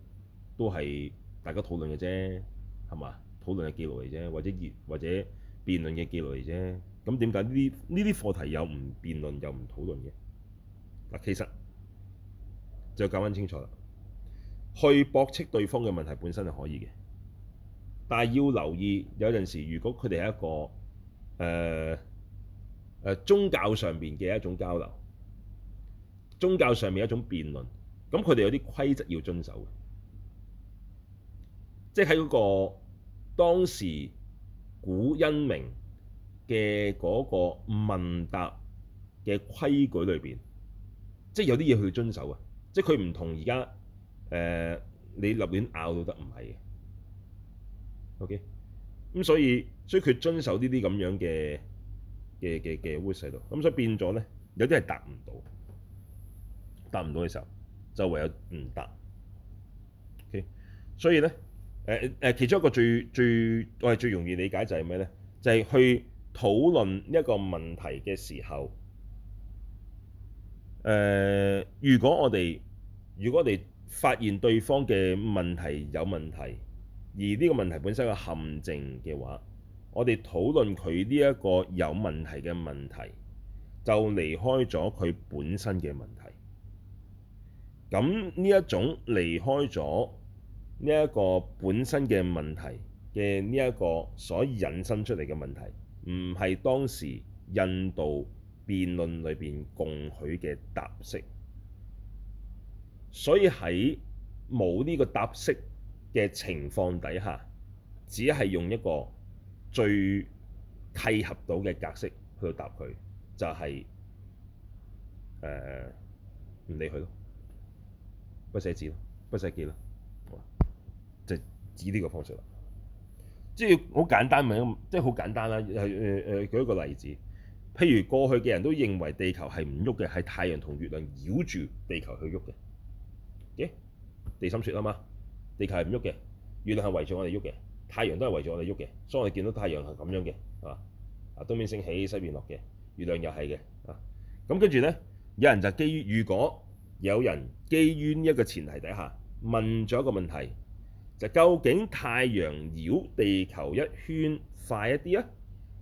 都係大家討論嘅啫，係嘛？討論嘅記錄嚟啫，或者熱或者辯論嘅記錄嚟啫。咁點解呢啲呢啲課題又唔辯論又唔討論嘅？嗱，其實就搞搞清楚啦，去駁斥對方嘅問題本身係可以嘅。但係要留意，有陣時如果佢哋係一個誒、呃、宗教上面嘅一種交流，宗教上面嘅一種辯論，咁佢哋有啲規則要遵守嘅，即係喺嗰個當時古因明嘅嗰個問答嘅規矩裏邊，即係有啲嘢佢要遵守啊。即係佢唔同而家誒你立亂拗都得，唔係嘅。OK，咁所以所以佢遵守呢啲咁樣嘅嘅嘅嘅 rules 喺度，咁所以變咗咧，有啲係答唔到，答唔到嘅時候就唯有唔答。OK，所以咧誒誒，其中一個最最我係最容易理解就係咩咧？就係、是、去討論一個問題嘅時候，誒、呃，如果我哋如果我哋發現對方嘅問題有問題。而呢個問題本身嘅陷阱嘅話，我哋討論佢呢一個有問題嘅問題，就離開咗佢本身嘅問題。咁呢一種離開咗呢一個本身嘅問題嘅呢一個，所引申出嚟嘅問題，唔係當時印度辯論裏邊共許嘅答式。所以喺冇呢個答式嘅情況底下，只係用一個最契合到嘅格式去答佢，就係誒唔理佢咯，不寫字咯，不寫記咯，好，就係以呢個方式啦。即係好簡單咪即係好簡單啦。係誒誒，舉一個例子，譬如過去嘅人都認為地球係唔喐嘅，係太陽同月亮繞住地球去喐嘅。咦？地心說啊嘛？地球係唔喐嘅，月亮係圍住我哋喐嘅，太陽都係圍住我哋喐嘅，所以我哋見到太陽係咁樣嘅，啊啊東面升起，西面落嘅，月亮又係嘅，啊咁跟住呢，有人就基於如果有人基於一個前提底下問咗一個問題，就究竟太陽繞地球一圈快一啲啊，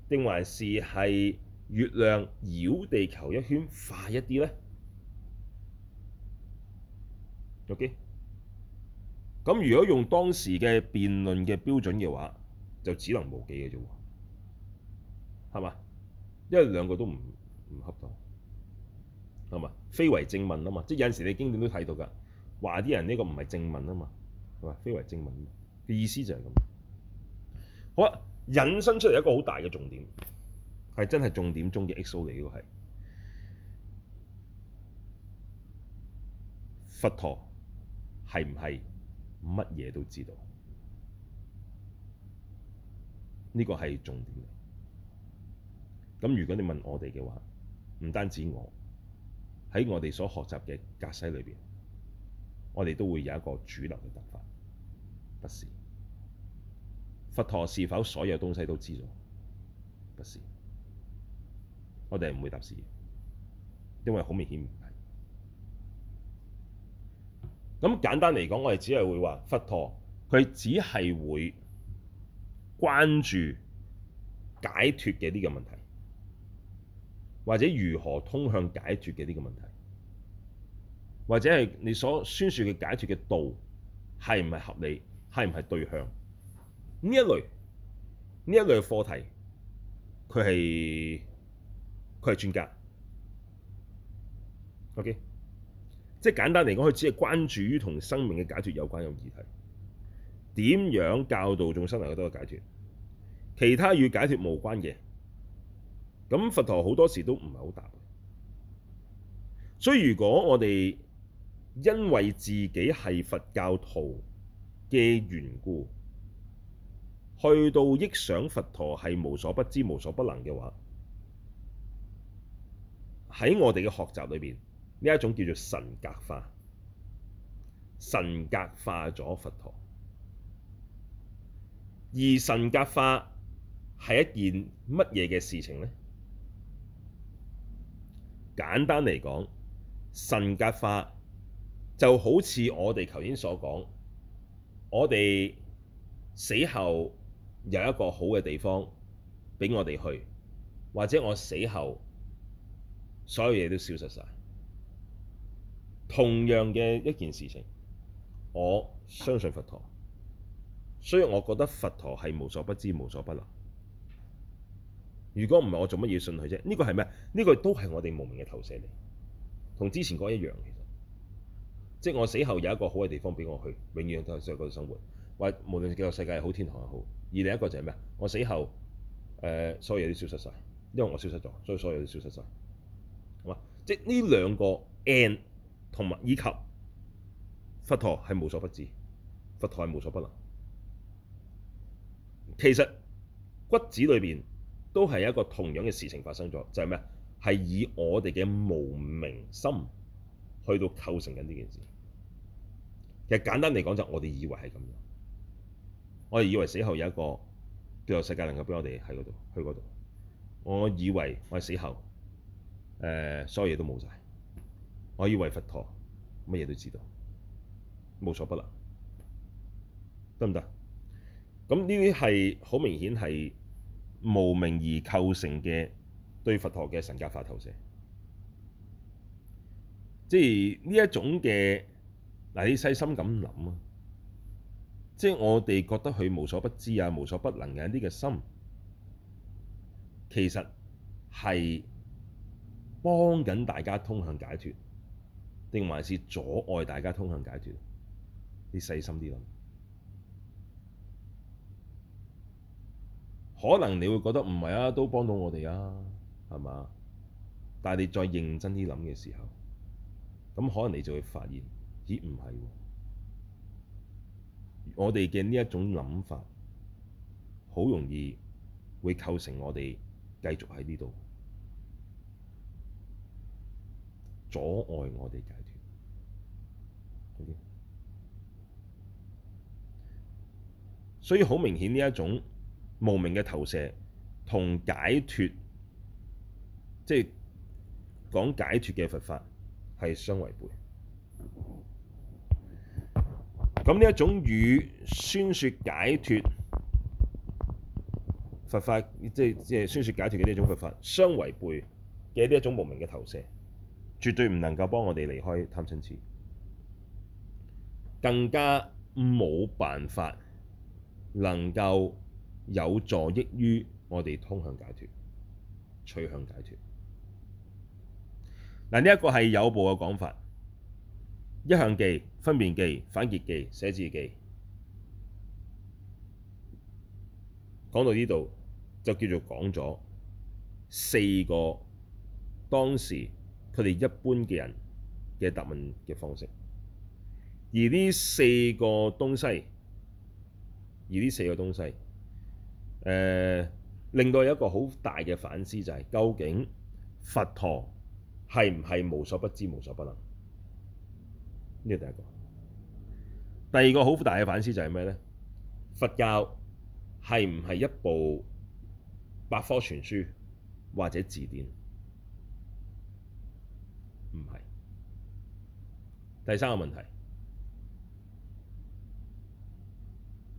定還是係月亮繞地球一圈快一啲呢？OK。咁如果用當時嘅辯論嘅標準嘅話，就只能無記嘅啫喎，係嘛？因為兩個都唔唔恰當，係嘛？非為正問啊嘛，即係有陣時你經典都睇到噶，話啲人呢個唔係正問啊嘛，係嘛？非為正問嘅意思就係咁。好啊，引申出嚟一個好大嘅重點，係真係重點中嘅 XO 嚟嘅喎，係佛陀係唔係？是乜嘢都知道，呢個係重點嚟。咁如果你問我哋嘅話，唔單止我喺我哋所學習嘅格式裏邊，我哋都會有一個主流嘅答法，不是？佛陀是否所有東西都知咗？不是，我哋唔會答是，因為好明顯。咁簡單嚟講，我哋只係會話佛陀，佢只係會關注解脫嘅呢個問題，或者如何通向解脫嘅呢個問題，或者係你所宣説嘅解脫嘅道係唔係合理，係唔係對向？呢一類呢一類嘅課題，佢係佢係專家。OK。即係簡單嚟講，佢只係關注於同生命嘅解脫有關嘅議題。點樣教導眾生能夠得到解脫？其他與解脫無關嘅，咁佛陀好多時都唔係好答。所以如果我哋因為自己係佛教徒嘅緣故，去到臆想佛陀係無所不知、無所不能嘅話，喺我哋嘅學習裏邊。呢一種叫做神格化，神格化咗佛陀，而神格化係一件乜嘢嘅事情呢？簡單嚟講，神格化就好似我哋頭先所講，我哋死後有一個好嘅地方畀我哋去，或者我死後所有嘢都消失晒。同樣嘅一件事情，我相信佛陀，所以我覺得佛陀係無所不知、無所不能。如果唔係我做乜嘢信佢啫？呢、這個係咩？呢、這個都係我哋無明嘅投射嚟，同之前嗰一樣。其實，即係我死後有一個好嘅地方俾我去，永遠都喺嗰度生活。或無論極樂世界好，天堂又好。而另一個就係咩？我死後，誒、呃，所有嘢都消失晒，因為我消失咗，所以所有嘢都消失晒，好嘛，即係呢兩個 and 同埋以及佛陀係無所不知，佛陀係無所不能。其實骨子裏邊都係一個同樣嘅事情發生咗，就係、是、咩？係以我哋嘅無明心去到構成緊呢件事。其實簡單嚟講，就是我哋以為係咁樣的，我哋以為死後有一個叫做世界能夠俾我哋喺嗰度去嗰度。我以為我係死後，誒、呃、所有嘢都冇晒。我以為佛陀乜嘢都知道，無所不能，得唔得？咁呢啲係好明顯係無明而構成嘅對佛陀嘅神格化投射，即係呢一種嘅嗱，你細心咁諗啊，即係我哋覺得佢無所不知啊，無所不能嘅呢個心，其實係幫緊大家通向解脫。定還是阻礙大家通行解脫？你細心啲諗，可能你會覺得唔係啊，都幫到我哋啊，係嘛？但係你再認真啲諗嘅時候，咁可能你就會發現，咦唔係喎！我哋嘅呢一種諗法，好容易會構成我哋繼續喺呢度阻礙我哋解脫。所以好明顯呢一種無明嘅投射同解脫，即係講解脫嘅佛法係相違背。咁呢一種與宣說解脫佛法，即係即係宣說解脫嘅呢一種佛法相違背嘅呢一種無明嘅投射，絕對唔能夠幫我哋離開貪嗔癡。更加冇辦法能夠有助益於我哋通向解脫、趨向解脫。嗱，呢一個係有部嘅講法：一向記、分別記、反詰記、捨置記。講到呢度就叫做講咗四個當時佢哋一般嘅人嘅答問嘅方式。而呢四個東西，而呢四個東西，誒、呃、令到有一個好大嘅反思就係、是，究竟佛陀係唔係無所不知、無所不能？呢個第一個。第二個好大嘅反思就係咩咧？佛教係唔係一部百科全書或者字典？唔係。第三個問題。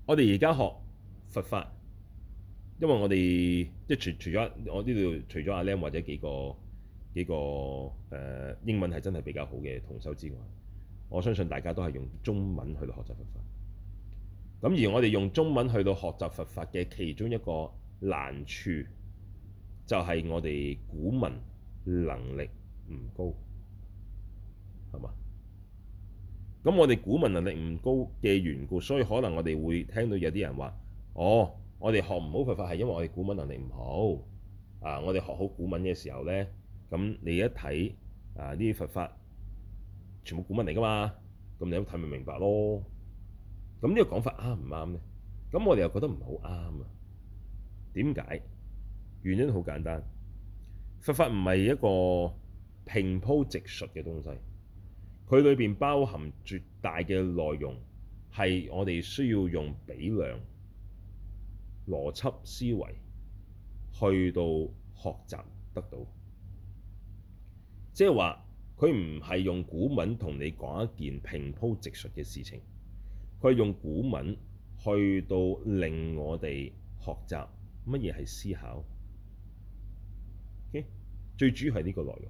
我哋而家學佛法，因為我哋即除除咗我呢度除咗阿 Len 或者幾個幾個誒、呃、英文係真係比較好嘅同修之外，我相信大家都係用中文去到學習佛法。咁而我哋用中文去到學習佛法嘅其中一個難處，就係、是、我哋古文能力唔高，係嘛？咁我哋古文能力唔高嘅緣故，所以可能我哋會聽到有啲人話：哦，我哋學唔好佛法係因為我哋古文能力唔好啊！我哋學好古文嘅時候呢，咁你一睇啊，呢啲佛法全部古文嚟㗎嘛，咁你都睇咪明白咯？咁呢個講法啱唔啱呢？咁我哋又覺得唔好啱啊？點解？原因好簡單，佛法唔係一個平鋪直述嘅東西。佢裏邊包含絕大嘅內容，係我哋需要用比量、邏輯思維去到學習得到。即係話，佢唔係用古文同你講一件平鋪直述嘅事情，佢係用古文去到令我哋學習乜嘢係思考。最主要係呢個內容，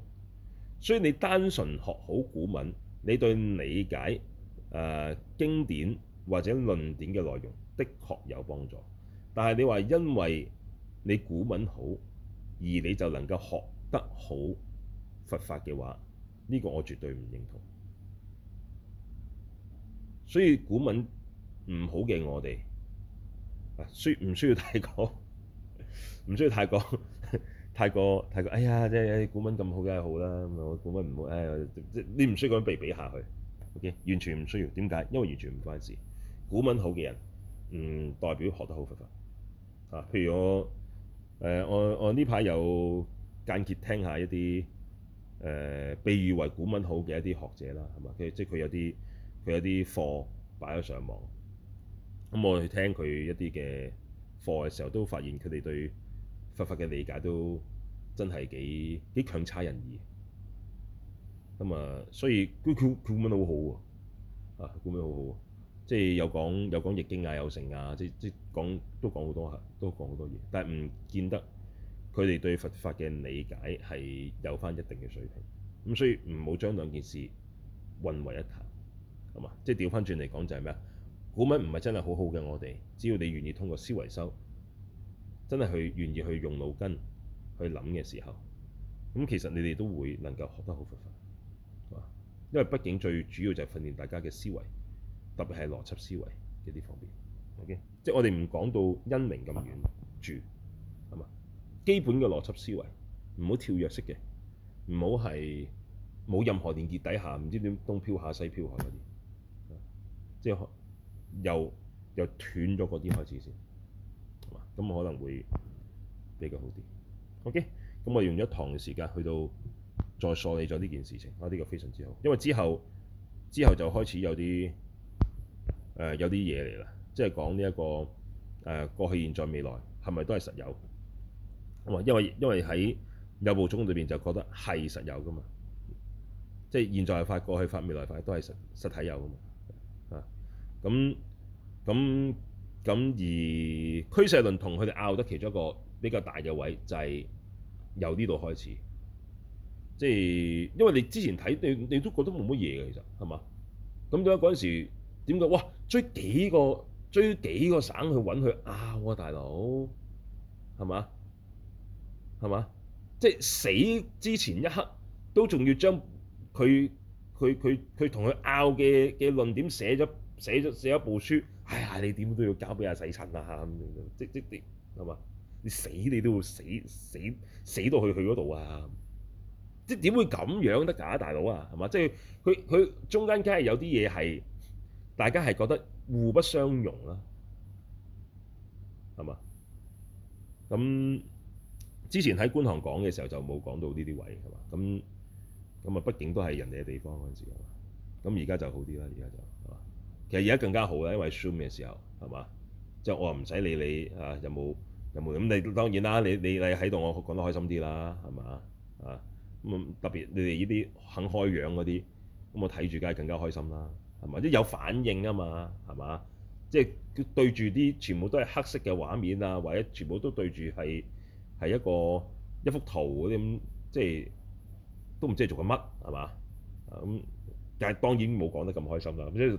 所以你單純學好古文。你對理解經、呃、經典或者論點嘅內容的確有幫助，但係你話因為你古文好而你就能夠學得好佛法嘅話，呢個我絕對唔認同。所以古文唔好嘅我哋，需唔需要太講？唔需要太講。太過太過，哎呀，即係古文咁好梗係好啦。咁啊，古文唔好，誒，即、哎、你唔需要咁樣被比下去，OK，完全唔需要。點解？因為完全唔關事。古文好嘅人，嗯，唔代表學得好佛法。嚇、啊，譬如我誒、呃，我我呢排有間歇聽一下一啲誒、呃，被譽為古文好嘅一啲學者啦，係嘛？佢即係佢有啲佢有啲課擺咗上網。咁我去聽佢一啲嘅課嘅時候，都發現佢哋對。佛法嘅理解都真係幾幾強差人意的。咁啊，所以佢古古古文好好啊，啊古文好好、啊、喎，即係有講有講易經啊，有成啊，即即講都講好多，都講好多嘢，但係唔見得佢哋對佛法嘅理解係有翻一定嘅水平，咁所以唔好將兩件事混為一談，係嘛？即係調翻轉嚟講就係咩啊？古文唔係真係好好嘅，我哋只要你願意通過思維修。真係去願意去用腦筋去諗嘅時候，咁其實你哋都會能夠學得好快，係因為畢竟最主要就係訓練大家嘅思維，特別係邏輯思維嘅呢方面。OK，即係我哋唔講到因明咁遠住，係嘛？基本嘅邏輯思維，唔好跳躍式嘅，唔好係冇任何連結底下，唔知點東飄下西飄下嗰啲，即係又又斷咗嗰啲開始先。咁可能會比較好啲，OK？咁我用咗一堂嘅時間去到再梳理咗呢件事情，啊，呢個非常之好，因為之後之後就開始有啲誒有啲嘢嚟啦，即係講呢一個誒過去、現在、未來係咪都係實有？因為因為喺有部宗裏邊就覺得係實有噶嘛，即係現在法、過去法、未來法都係實實體有噶嘛，啊，咁咁。咁而俱舍論同佢哋拗得其中一個比較大嘅位，就係、是、由呢度開始。即係因為你之前睇，你你都覺得冇乜嘢嘅，其實係嘛？咁點解嗰陣時點講？哇！追幾個追幾個省去揾佢拗啊，大佬係嘛？係嘛？即係、就是、死之前一刻都仲要將佢佢佢佢同佢拗嘅嘅論點寫咗寫咗寫,寫一部書。哎呀！你點都要交俾阿洗塵啊嚇，咁樣即即你係嘛？你死你都會死死死到去去嗰度啊！即點會咁樣得、啊、㗎？大佬啊，係嘛？即佢佢中間梗係有啲嘢係大家係覺得互不相容啦、啊，係嘛？咁之前喺觀塘講嘅時候就冇講到呢啲位係嘛？咁咁啊，畢竟都係人哋嘅地方嗰陣時係嘛。咁而家就好啲啦，而家就係嘛？其實而家更加好啦，因為 zoom、um、嘅時候係嘛，即係、就是、我又唔使理你啊，有冇有冇咁你當然啦，你你你喺度我講得開心啲啦，係嘛啊咁特別你哋呢啲肯開養嗰啲咁我睇住梗係更加開心啦，係嘛即有反應啊嘛係嘛，即係、就是、對住啲全部都係黑色嘅畫面啊，或者全部都對住係係一個一幅圖嗰啲咁，即係、就是、都唔知係做緊乜係嘛咁，但係、啊、當然冇講得咁開心啦，因、就是